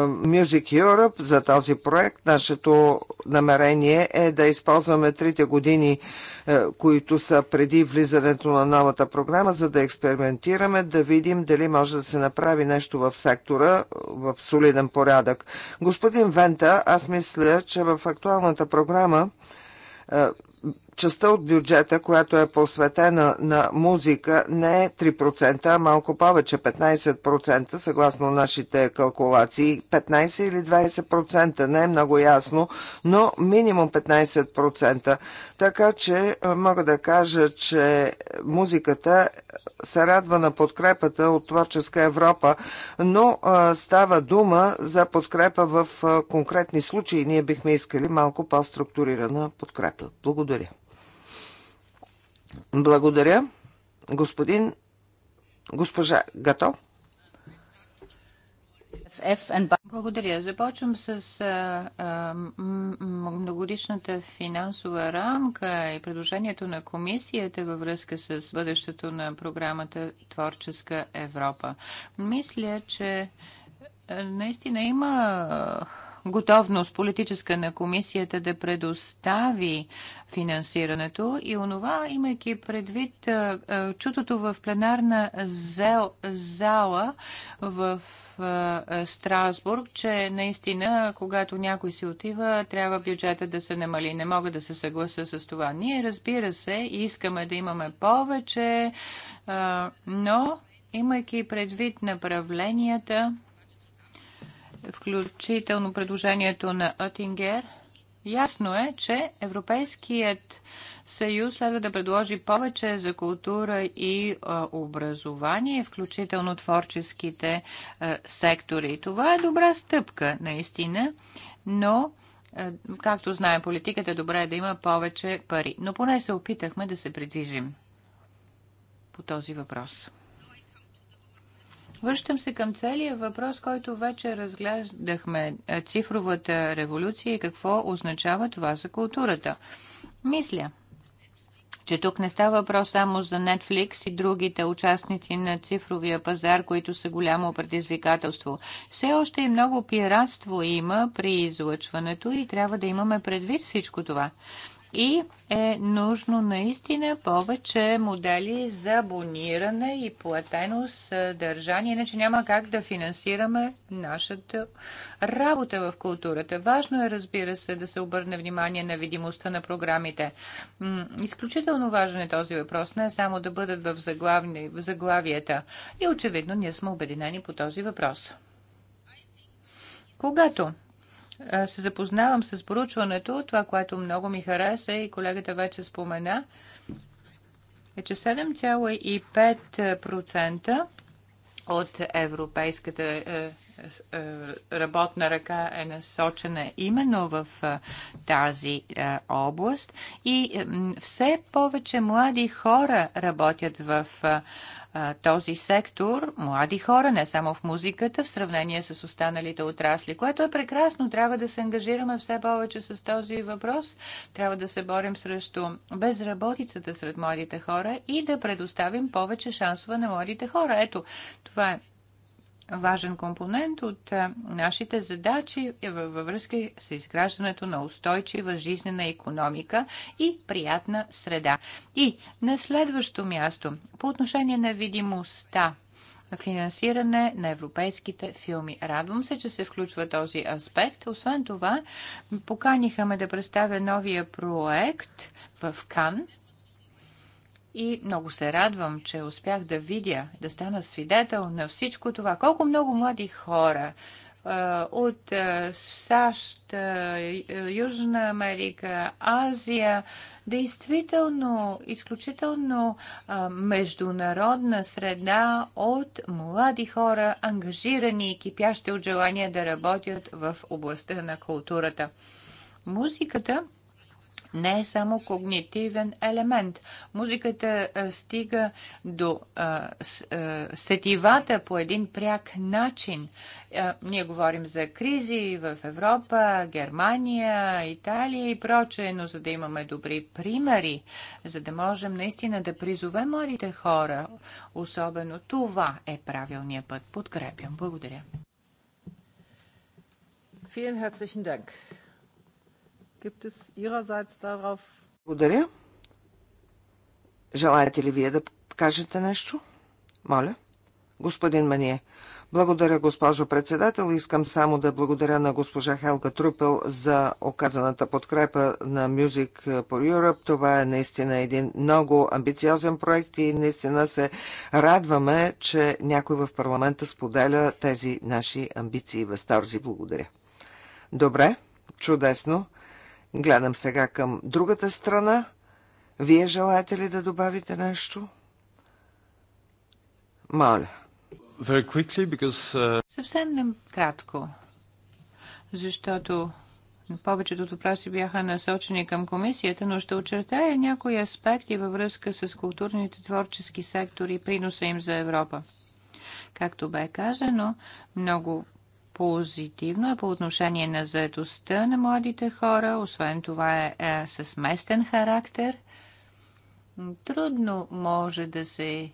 Music Europe, за този проект. Нашето намерение е да използваме трите години е, които са преди влизането на новата програма, за да експериментираме, да видим дали може да се направи нещо в сектора в солиден порядък. Господин Вента, аз мисля, че в актуалната програма е, частта от бюджета, която е посветена на музика, не е 3%, а малко повече 15%, съгласно нашите калкулации. 15 или 20% не е много ясно, но минимум 15%. Така че мога да кажа, че музиката се радва на подкрепата от творческа Европа, но става дума за подкрепа в конкретни случаи. Ние бихме искали малко по-структурирана подкрепа. Благодаря. Благодаря. Господин, госпожа Гато. Благодаря. Започвам с а, а, многогодишната финансова рамка и предложението на комисията във връзка с бъдещето на програмата Творческа Европа. Мисля, че наистина има готовност политическа на комисията да предостави финансирането и онова, имайки предвид чутото в пленарна зала в Страсбург, че наистина, когато някой си отива, трябва бюджета да се намали. Не мога да се съглася с това. Ние, разбира се, искаме да имаме повече, но имайки предвид направленията, включително предложението на Отингер, ясно е, че Европейският съюз следва да предложи повече за култура и образование, включително творческите сектори. Това е добра стъпка, наистина, но както знаем, политиката е добре е да има повече пари. Но поне се опитахме да се придвижим по този въпрос. Връщам се към целия въпрос, който вече разглеждахме. Е, цифровата революция и какво означава това за културата. Мисля, че тук не става въпрос само за Netflix и другите участници на цифровия пазар, които са голямо предизвикателство. Все още и много пиратство има при излъчването и трябва да имаме предвид всичко това. И е нужно наистина повече модели за абониране и платено съдържание, иначе няма как да финансираме нашата работа в културата. Важно е, разбира се, да се обърне внимание на видимостта на програмите. Изключително важен е този въпрос, не само да бъдат в, заглавни, в заглавията. И очевидно ние сме обединени по този въпрос. Когато се запознавам с поручването. Това, което много ми хареса и колегата вече спомена, е, че 7,5% от европейската е, е, е, работна ръка е насочена именно в тази област и все повече млади хора работят в този сектор, млади хора, не само в музиката, в сравнение с останалите отрасли, което е прекрасно. Трябва да се ангажираме все повече с този въпрос. Трябва да се борим срещу безработицата сред младите хора и да предоставим повече шансове на младите хора. Ето, това е важен компонент от е, нашите задачи е във връзка с изграждането на устойчива жизнена економика и приятна среда. И на следващо място, по отношение на видимостта, финансиране на европейските филми. Радвам се, че се включва този аспект. Освен това, поканихаме да представя новия проект в Кан – и много се радвам, че успях да видя, да стана свидетел на всичко това. Колко много млади хора от САЩ, Южна Америка, Азия, действително изключително международна среда от млади хора, ангажирани и кипящи от желание да работят в областта на културата. Музиката не е само когнитивен елемент. Музиката стига до сетивата по един пряк начин. Ние говорим за кризи в Европа, Германия, Италия и прочее, но за да имаме добри примери, за да можем наистина да призовем младите хора, особено това е правилният път. Подкрепям. Благодаря. Vielen herzlichen Dank. Gibt es Благодаря. Желаете ли вие да кажете нещо? Моля. Господин Мание, благодаря, госпожо председател. Искам само да благодаря на госпожа Хелга Трупел за оказаната подкрепа на Music for Europe. Това е наистина един много амбициозен проект и наистина се радваме, че някой в парламента споделя тези наши амбиции възторзи. Благодаря. Добре, чудесно. Гледам сега към другата страна. Вие желаете ли да добавите нещо? Моля. Quickly, because... Uh, Съвсем кратко, защото повечето въпроси бяха насочени към комисията, но ще очертая някои аспекти във връзка с културните творчески сектори и приноса им за Европа. Както бе казано, много позитивно е по отношение на заедостта на младите хора. Освен това е, е с местен характер. Трудно може да се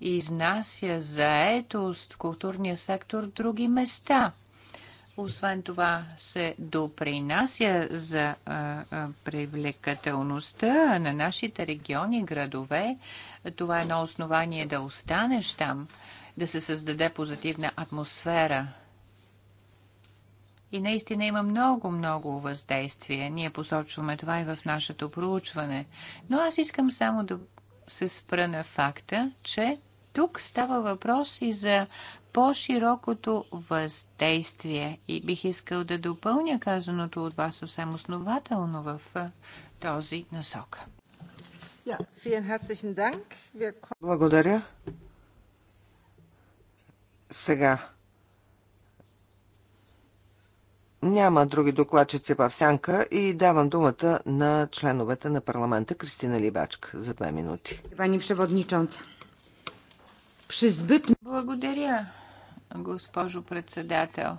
изнася заетост в културния сектор в други места. Освен това се допринася за а, е, а, е, привлекателността на нашите региони, градове. Това е едно основание да останеш там, да се създаде позитивна атмосфера – и наистина има много-много въздействие. Ние посочваме това и в нашето проучване. Но аз искам само да се спра на факта, че тук става въпрос и за по-широкото въздействие. И бих искал да допълня казаното от вас съвсем основателно в този насок. Благодаря. Сега Няма други докладчици в сянка и давам думата на членовете на парламента Кристина Либачка за две минути. Пани Пшеводничонца. Пшезбит. Благодаря, госпожо председател.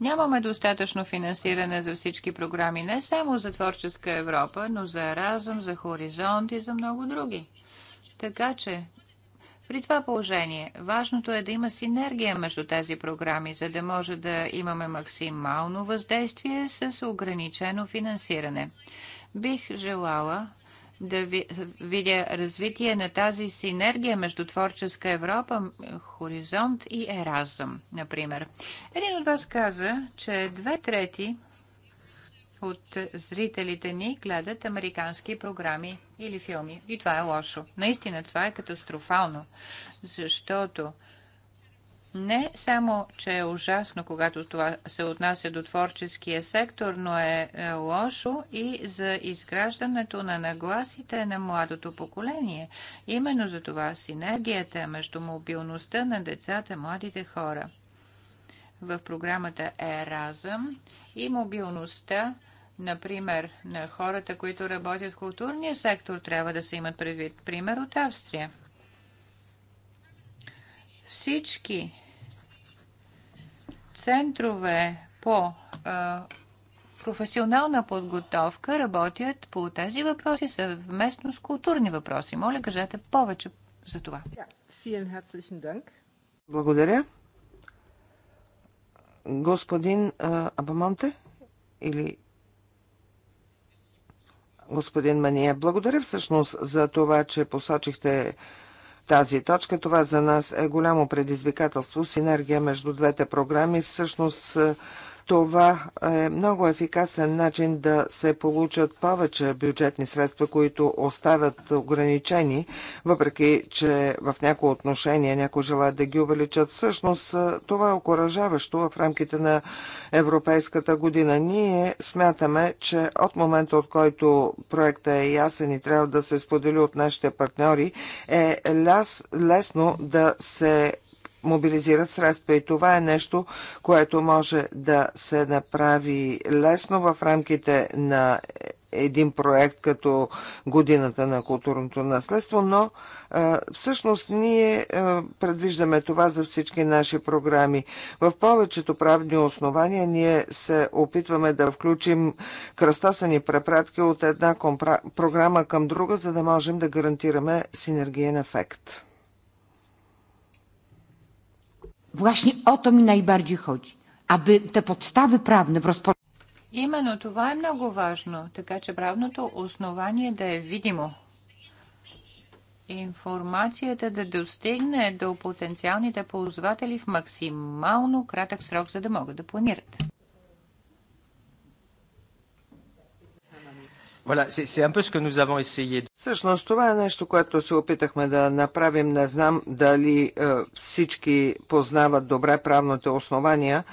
Нямаме достатъчно финансиране за всички програми, не само за Творческа Европа, но за Еразъм, за Хоризонт и за много други. Така че при това положение, важното е да има синергия между тези програми, за да може да имаме максимално въздействие с ограничено финансиране. Бих желала да ви, видя развитие на тази синергия между Творческа Европа, Хоризонт и Еразъм, например. Един от вас каза, че две трети от зрителите ни гледат американски програми или филми. И това е лошо. Наистина това е катастрофално, защото не само, че е ужасно, когато това се отнася до творческия сектор, но е, е лошо и за изграждането на нагласите на младото поколение. Именно за това синергията между мобилността на децата, младите хора в програмата Еразъм и мобилността например, на хората, които работят в културния сектор, трябва да се имат предвид. Пример от Австрия. Всички центрове по а, професионална подготовка работят по тези въпроси съвместно с културни въпроси. Моля, кажете повече за това. Благодаря. Господин а, Абамонте или господин Мания. Благодаря всъщност за това, че посочихте тази точка. Това за нас е голямо предизвикателство. Синергия между двете програми всъщност това е много ефикасен начин да се получат повече бюджетни средства, които оставят ограничени, въпреки че в някои отношения някои желаят да ги увеличат. Всъщност това е окоръжаващо в рамките на Европейската година. Ние смятаме, че от момента, от който проектът е ясен и трябва да се сподели от нашите партньори, е лес, лесно да се мобилизират средства и това е нещо, което може да се направи лесно в рамките на един проект като годината на културното наследство, но а, всъщност ние а, предвиждаме това за всички наши програми. В повечето правни основания ние се опитваме да включим кръстосани препратки от една компра... програма към друга, за да можем да гарантираме синергиен ефект. Właśnie o to mi najbardziej chodzi, aby te podstawy prawne w rozporządzeniu. Именно това е много важно, така че правното основание да е видимо. Информацията да достигне до потенциалните ползватели в максимално кратък срок, за да могат да планират. Всъщност това е нещо, което се опитахме да направим. Не знам дали е, всички познават добре правните основания,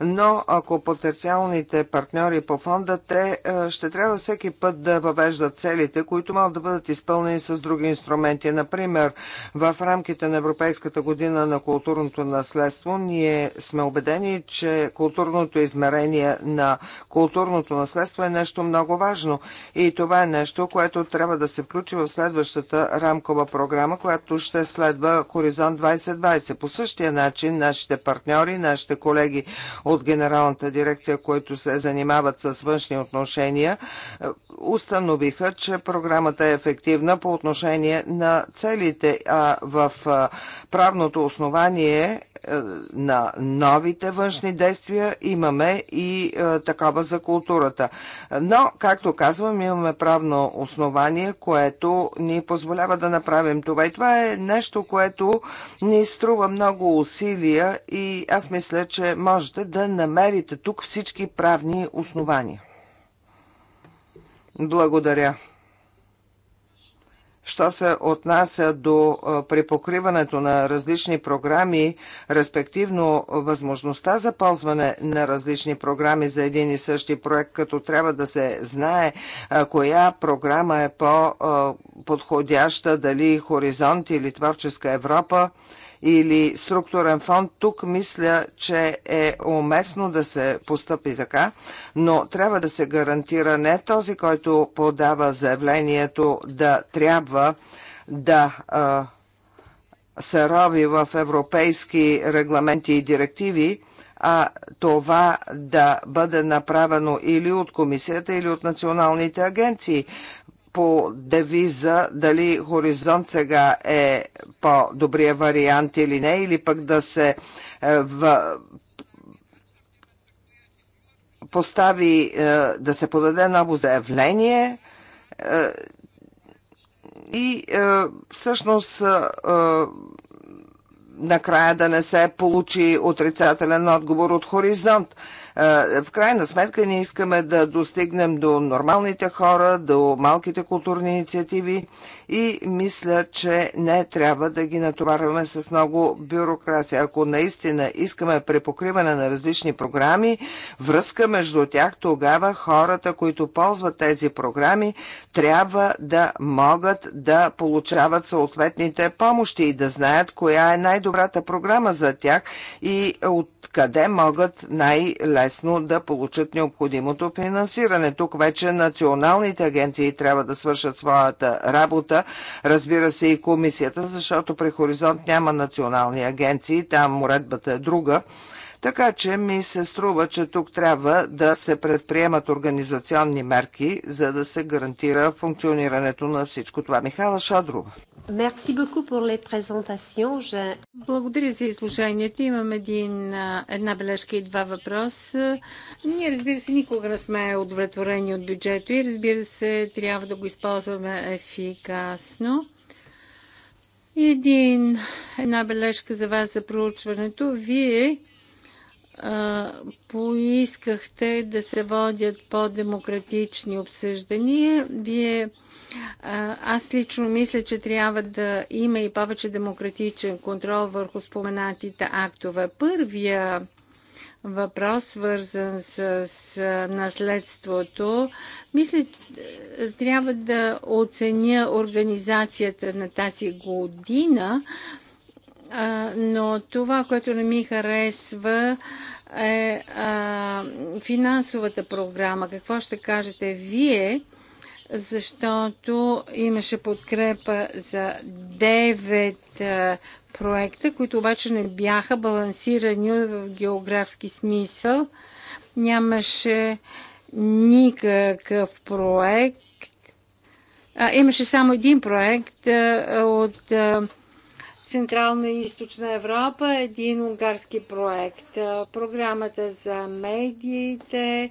но ако потенциалните партньори по фонда, те е, ще трябва всеки път да въвеждат целите, които могат да бъдат изпълнени с други инструменти. Например, в рамките на Европейската година на културното наследство ние сме убедени, че културното измерение на културното наследство е нещо много важно и това е нещо, което трябва да се включи в следващата рамкова програма, която ще следва Хоризонт 2020. По същия начин нашите партньори, нашите колеги от Генералната дирекция, които се занимават с външни отношения, е, установиха, че програмата е ефективна по отношение на целите, а в е, правното основание е, на новите външни действия имаме и е, такава за културата. Но, както казвам, имаме правно основание, което ни позволява да направим това. И това е нещо, което ни струва много усилия и аз мисля, че можете да да намерите тук всички правни основания. Благодаря. Що се отнася до припокриването на различни програми, респективно възможността за ползване на различни програми за един и същи проект, като трябва да се знае коя програма е по-подходяща, дали Хоризонт или Творческа Европа, или структурен фонд, тук мисля, че е уместно да се поступи така, но трябва да се гарантира не този, който подава заявлението да трябва да а, се роби в европейски регламенти и директиви, а това да бъде направено или от комисията, или от националните агенции по девиза дали хоризонт сега е по-добрия вариант или не, или пък да се е, в, постави, е, да се подаде ново заявление е, и всъщност накрая да не се получи отрицателен отговор от хоризонт. В крайна сметка ние искаме да достигнем до нормалните хора, до малките културни инициативи и мисля, че не трябва да ги натоварваме с много бюрокрация. Ако наистина искаме препокриване на различни програми, връзка между тях, тогава хората, които ползват тези програми, трябва да могат да получават съответните помощи и да знаят коя е най-добрата програма за тях и откъде могат най-лесно да получат необходимото финансиране. Тук вече националните агенции трябва да свършат своята работа парламента, разбира се и комисията, защото при Хоризонт няма национални агенции, там уредбата е друга. Така че ми се струва, че тук трябва да се предприемат организационни мерки, за да се гарантира функционирането на всичко това. Михайла Шадрова. Je... Благодаря за изложението. Имам един, една бележка и два въпроса. Ние, разбира се, никога не сме удовлетворени от бюджето и, разбира се, трябва да го използваме ефикасно. Един, една бележка за вас за проучването. Вие поискахте да се водят по-демократични обсъждания. Вие аз лично мисля, че трябва да има и повече демократичен контрол върху споменатите актове. Първия въпрос, свързан с, с наследството. Мисля, е, трябва да оценя организацията на тази година, но това, което не ми харесва, е а, финансовата програма. Какво ще кажете вие защото имаше подкрепа за 9 проекта, които обаче не бяха балансирани в географски смисъл. Нямаше никакъв проект. А, имаше само един проект а, от а, Централна и Източна Европа, един унгарски проект. А, програмата за медиите, а,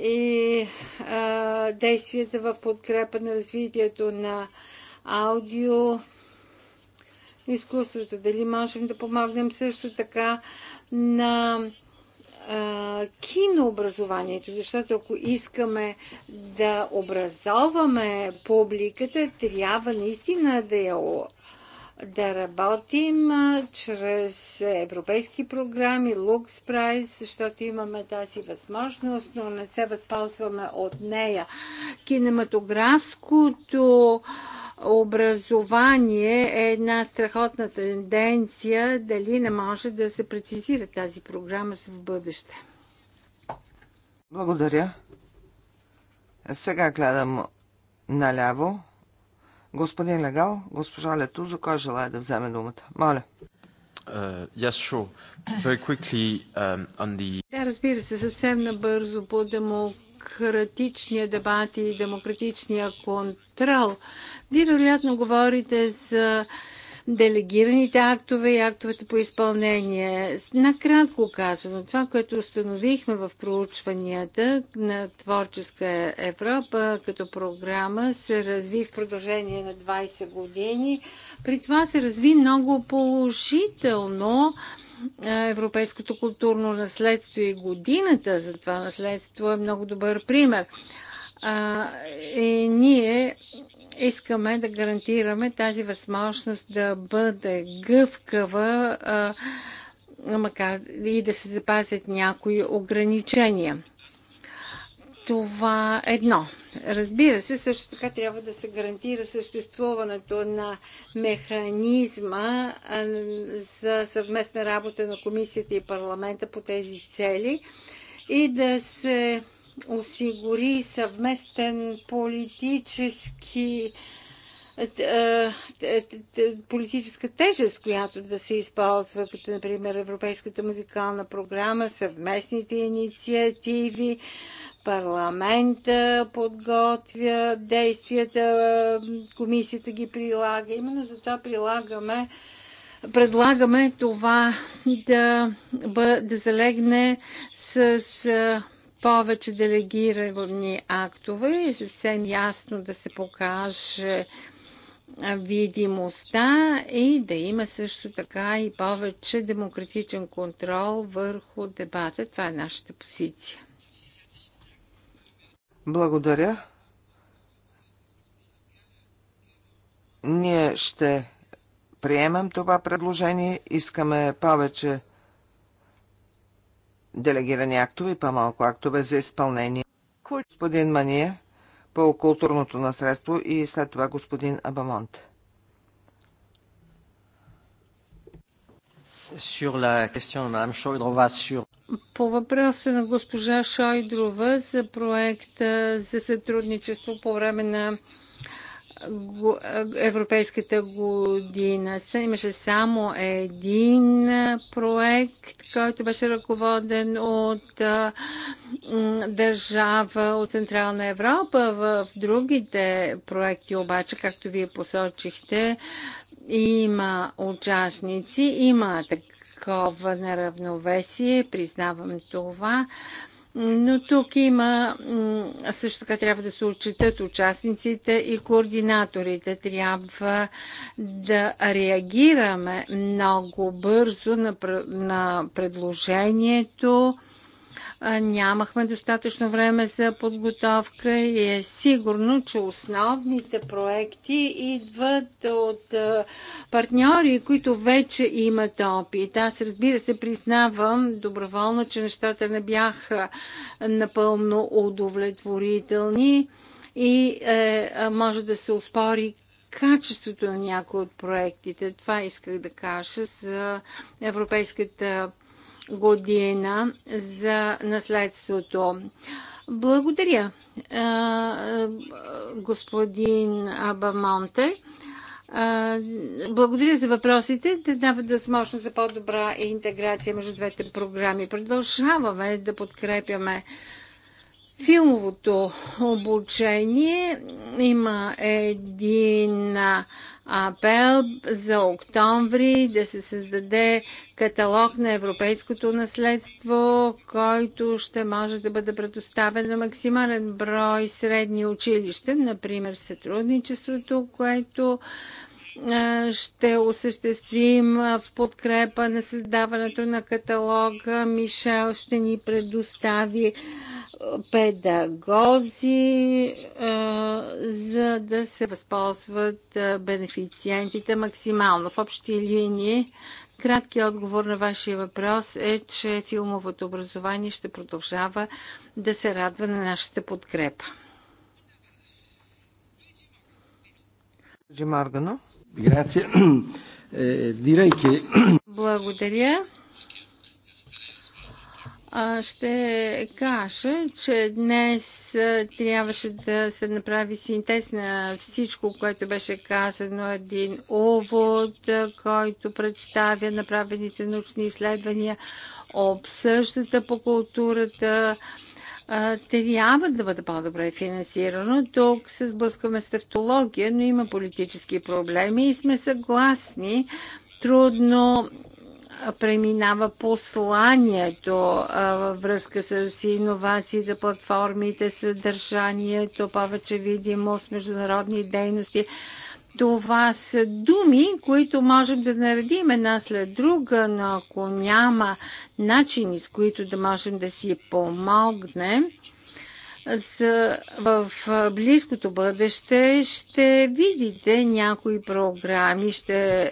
и а, действията в подкрепа на развитието на аудио изкуството. Дали можем да помогнем също така на а, кинообразованието, защото ако искаме да образоваме публиката, трябва наистина да я да работим чрез европейски програми, Lux Prize, защото имаме тази възможност, но не се възползваме от нея. Кинематографското образование е една страхотна тенденция, дали не може да се прецизира тази програма в бъдеще. Благодаря. Сега гледам наляво. Господин Легал, госпожа Лето, за кой желая да вземе думата? Моля. Uh, yes, sure. Very quickly, um, on the... Да, разбира се, съвсем набързо по демократичния дебат и демократичния контрол. Вие вероятно говорите за uh, делегираните актове и актовете по изпълнение. Накратко казано, това, което установихме в проучванията на Творческа Европа като програма, се разви в продължение на 20 години. При това се разви много положително европейското културно наследство и годината за това наследство е много добър пример. А, и е, ние искаме да гарантираме тази възможност да бъде гъвкава, а, макар и да се запазят някои ограничения. Това е едно. Разбира се, също така трябва да се гарантира съществуването на механизма за съвместна работа на комисията и парламента по тези цели и да се осигури съвместен политически е, е, е, политическа тежест, която да се използва, като например Европейската музикална програма, съвместните инициативи, парламента подготвя действията, комисията ги прилага. Именно затова прилагаме предлагаме това да, да залегне с повече делегирани актове и съвсем ясно да се покаже видимостта и да има също така и повече демократичен контрол върху дебата. Това е нашата позиция. Благодаря. Ние ще приемем това предложение. Искаме повече делегирани актове и по-малко актове за изпълнение. Господин Мание по културното наследство и след това господин Абамонт. По въпроса на госпожа Шойдрова за проекта за сътрудничество по време на Европейската година. Са имаше само един проект, който беше ръководен от държава от Централна Европа. В другите проекти обаче, както вие посочихте, има участници, има такова неравновесие, признавам това. Но тук има, също така трябва да се отчитат участниците и координаторите. Трябва да реагираме много бързо на, на предложението нямахме достатъчно време за подготовка и е сигурно, че основните проекти идват от партньори, които вече имат опит. Аз разбира се признавам доброволно, че нещата не бяха напълно удовлетворителни и е, може да се успори качеството на някои от проектите. Това исках да кажа за Европейската година за наследството. Благодаря, господин Абамонте. Благодаря за въпросите. Те дават възможност за по-добра интеграция между двете програми. Продължаваме да подкрепяме филмовото обучение има един апел за октомври да се създаде каталог на европейското наследство, който ще може да бъде предоставен на максимален брой средни училища, например сътрудничеството, което ще осъществим в подкрепа на създаването на каталога. Мишел ще ни предостави педагози, за да се възползват бенефициентите максимално. В общи линии, краткият отговор на вашия въпрос е, че филмовото образование ще продължава да се радва на нашата подкрепа. Е, Благодаря. Благодаря ще кажа, че днес трябваше да се направи синтез на всичко, което беше казано. Един увод, който представя направените научни изследвания, обсъждата по културата, трябва да бъде по-добре финансирано. Тук се сблъскваме с тавтология, но има политически проблеми и сме съгласни. Трудно преминава посланието във връзка с иновациите, платформите, съдържанието, повече видимост, международни дейности. Това са думи, които можем да наредим една след друга, но ако няма начини, с които да можем да си помогнем, в близкото бъдеще ще видите някои програми, ще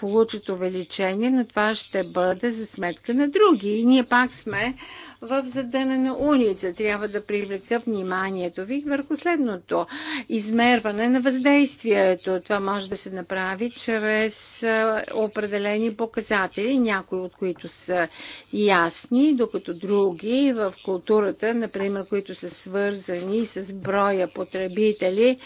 получат увеличение, но това ще бъде за сметка на други. И ние пак сме в задънена улица. Трябва да привлека вниманието ви върху следното. Измерване на въздействието. Това може да се направи чрез определени показатели, някои от които са ясни, докато други в културата, например, които са свързани с броя потребители,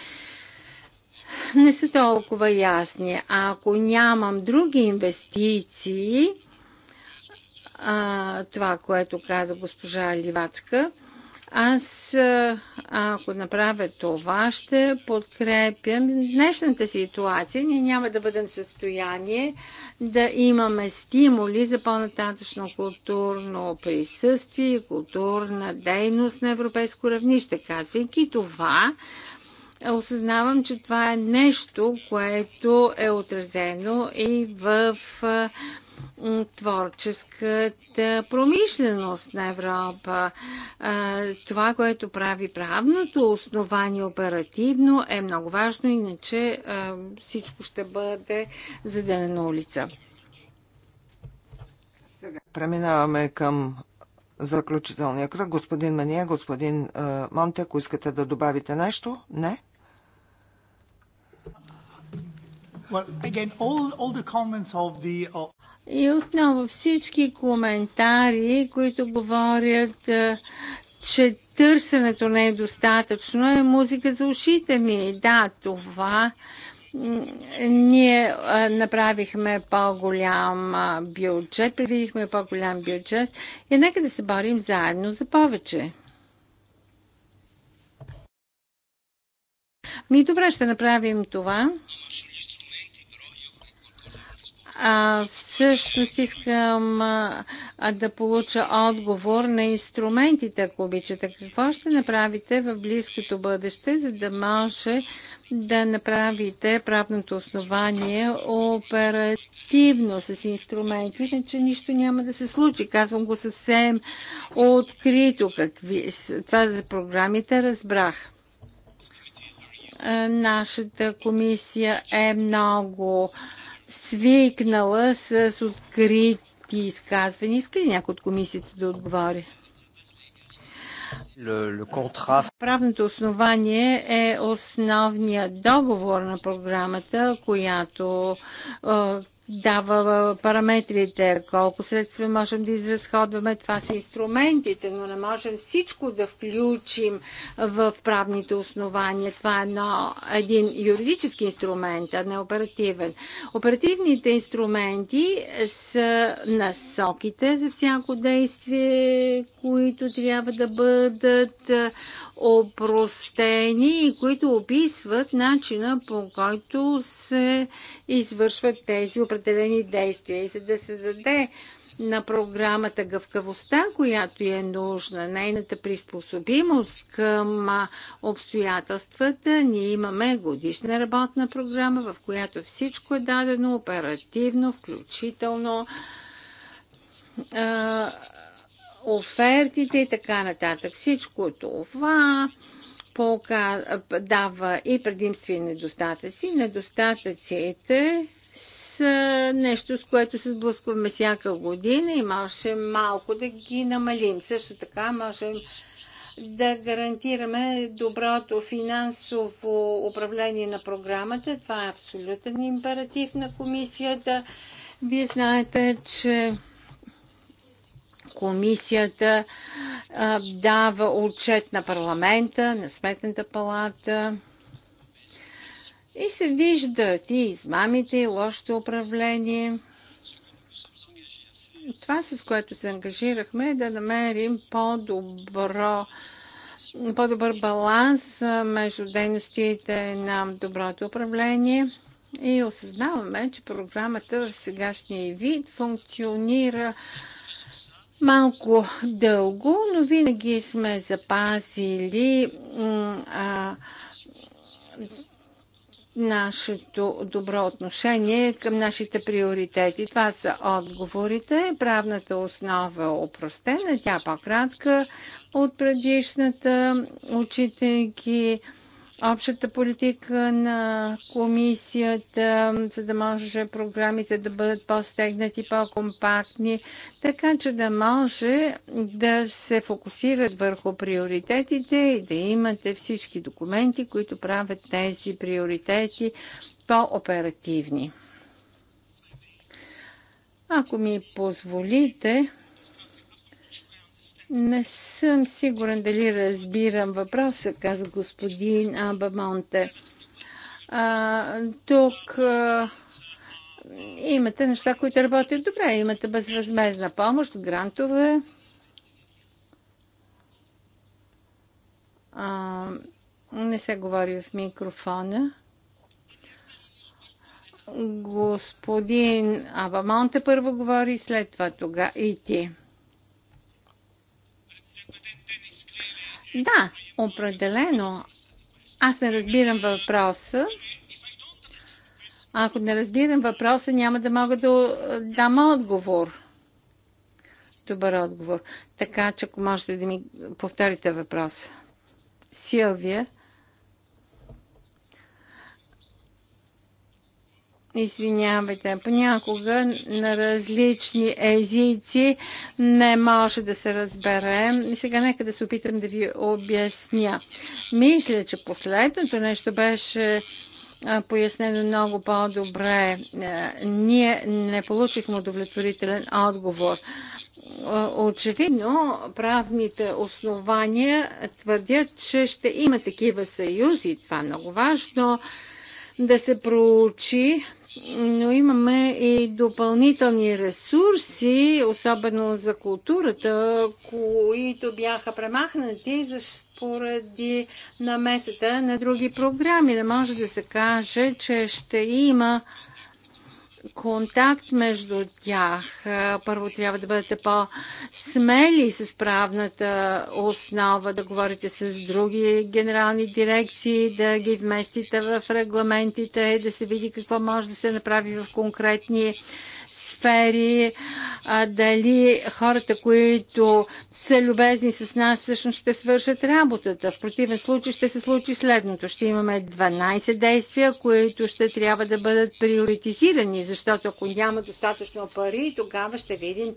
не са толкова ясни. А ако нямам други инвестиции, а, това, което каза госпожа Ливацка, аз, ако направя това, ще подкрепям днешната ситуация. Ние няма да бъдем в състояние да имаме стимули за по-нататъчно културно присъствие културна дейност на европейско равнище. Казвайки това, осъзнавам, че това е нещо, което е отразено и в творческата промишленост на Европа. Това, което прави правното основание оперативно е много важно, иначе всичко ще бъде заделено улица. Сега преминаваме към заключителния кръг. Господин Мания, господин Монте, ако искате да добавите нещо? Не? И отново всички коментари, които говорят, е, че търсенето не е достатъчно, е музика за ушите ми. Да, това ние е, направихме по-голям е, бюджет, предвидихме по-голям бюджет и нека да се борим заедно за повече. Ми добре, ще направим това. А, всъщност искам а, да получа отговор на инструментите, ако обичате. Какво ще направите в близкото бъдеще, за да може да направите правното основание оперативно с инструменти, че нищо няма да се случи. Казвам го съвсем открито. Какви... Това за програмите разбрах нашата комисия е много свикнала с открити изказвания. Иска ли някой от комисията да отговори? Правното основание е основният договор на програмата, която, е, дава параметрите, колко средства можем да изразходваме. Това са инструментите, но не можем всичко да включим в правните основания. Това е едно, един юридически инструмент, а не оперативен. Оперативните инструменти са насоките за всяко действие, които трябва да бъдат опростени и които описват начина по който се извършват тези оперативни определени действия и за да се даде на програмата гъвкавостта, която е нужна, нейната приспособимост към обстоятелствата, ние имаме годишна работна програма, в която всичко е дадено оперативно, включително а, офертите и така нататък. Всичко това дава и предимства и недостатъци. Недостатъците нещо, с което се сблъскваме всяка година и може малко да ги намалим. Също така можем да гарантираме доброто финансово управление на програмата. Това е абсолютен императив на комисията. Вие знаете, че комисията а, дава отчет на парламента, на сметната палата, и се виждат и измамите, и лошото управление. Това, с което се ангажирахме, е да намерим по-добро по-добър баланс между дейностите на доброто управление и осъзнаваме, че програмата в сегашния вид функционира малко дълго, но винаги сме запазили а, нашето добро отношение към нашите приоритети. Това са отговорите. Правната основа е опростена, тя по-кратка от предишната, ги общата политика на комисията, за да може програмите да бъдат по-стегнати, по-компактни, така че да може да се фокусират върху приоритетите и да имате всички документи, които правят тези приоритети по-оперативни. Ако ми позволите, не съм сигурен дали разбирам въпроса, каза господин Абамонте. А, тук а, имате неща, които работят добре. Имате безвъзмезна помощ, грантове. А, не се говори в микрофона. Господин Абамонте първо говори, след това тога и ти. Да, определено. Аз не разбирам въпроса. Ако не разбирам въпроса, няма да мога да дам отговор. Добър отговор. Така че, ако можете да ми повторите въпроса. Силвия, извинявайте, понякога на различни езици не може да се разбере, И сега нека да се опитам да ви обясня. Мисля, че последното нещо беше пояснено много по-добре. Е, ние не получихме удовлетворителен отговор. Очевидно, правните основания твърдят, че ще има такива съюзи. Това е много важно да се проучи но имаме и допълнителни ресурси, особено за културата, които бяха премахнати поради намесата на други програми. Не може да се каже, че ще има контакт между тях. Първо трябва да бъдете по-смели с правната основа, да говорите с други генерални дирекции, да ги вместите в регламентите, да се види какво може да се направи в конкретни сфери, а, дали хората, които са любезни с нас, всъщност ще свършат работата. В противен случай ще се случи следното. Ще имаме 12 действия, които ще трябва да бъдат приоритизирани, защото ако няма достатъчно пари, тогава ще видим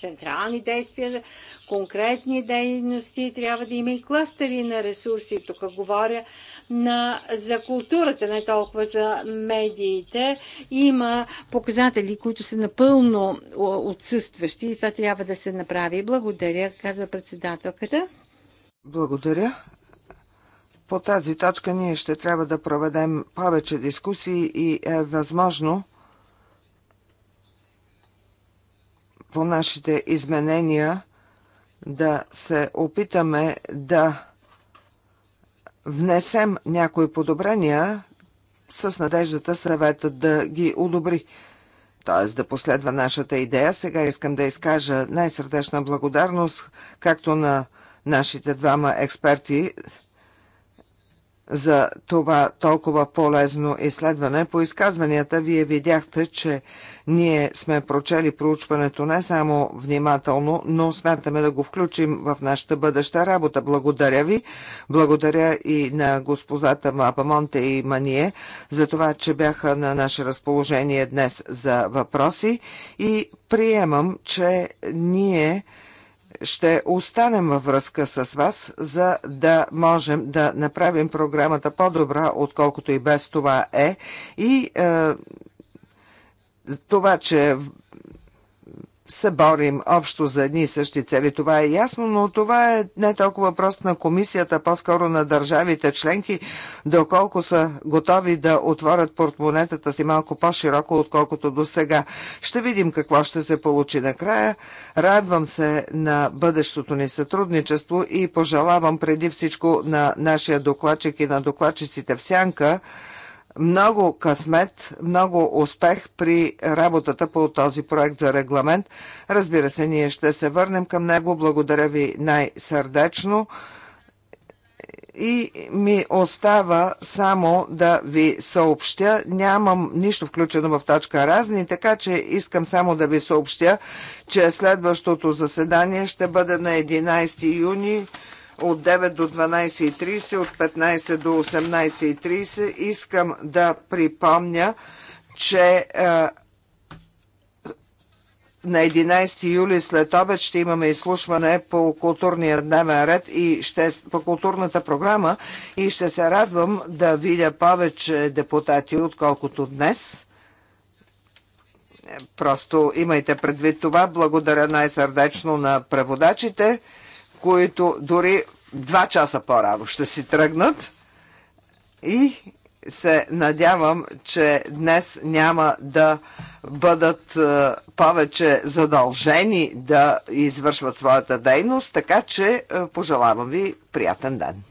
централни действия, конкретни дейности, трябва да има и кластери на ресурси. Тук говоря на, за културата, не толкова за медиите. Има показатели, които са напълно отсъстващи и това трябва да се направи. Благодаря, казва председателката. Благодаря. По тази точка ние ще трябва да проведем повече дискусии и е възможно по нашите изменения да се опитаме да внесем някои подобрения с надеждата съветът да ги одобри. Т.е. да последва нашата идея. Сега искам да изкажа най-сърдечна благодарност както на нашите двама експерти, за това толкова полезно изследване. По изказванията вие видяхте, че ние сме прочели проучването не само внимателно, но смятаме да го включим в нашата бъдеща работа. Благодаря ви. Благодаря и на господата Мапамонте и Мание за това, че бяха на наше разположение днес за въпроси и приемам, че ние ще останем във връзка с вас, за да можем да направим програмата по-добра, отколкото и без това е. И е, това, че се борим общо за едни и същи цели. Това е ясно, но това е не толкова въпрос на комисията, по-скоро на държавите членки, доколко са готови да отворят портмонетата си малко по-широко, отколкото до сега. Ще видим какво ще се получи накрая. Радвам се на бъдещото ни сътрудничество и пожелавам преди всичко на нашия докладчик и на докладчиците в Сянка – много късмет, много успех при работата по този проект за регламент. Разбира се, ние ще се върнем към него. Благодаря ви най-сърдечно. И ми остава само да ви съобщя. Нямам нищо включено в точка разни, така че искам само да ви съобщя, че следващото заседание ще бъде на 11 юни от 9 до 12.30, от 15 до 18.30. Искам да припомня, че е, на 11 юли след обед ще имаме изслушване по културния дневен ред и ще, по културната програма и ще се радвам да видя повече депутати, отколкото днес. Е, просто имайте предвид това. Благодаря най-сърдечно на преводачите които дори два часа по-рано ще си тръгнат и се надявам, че днес няма да бъдат е, повече задължени да извършват своята дейност, така че е, пожелавам ви приятен ден.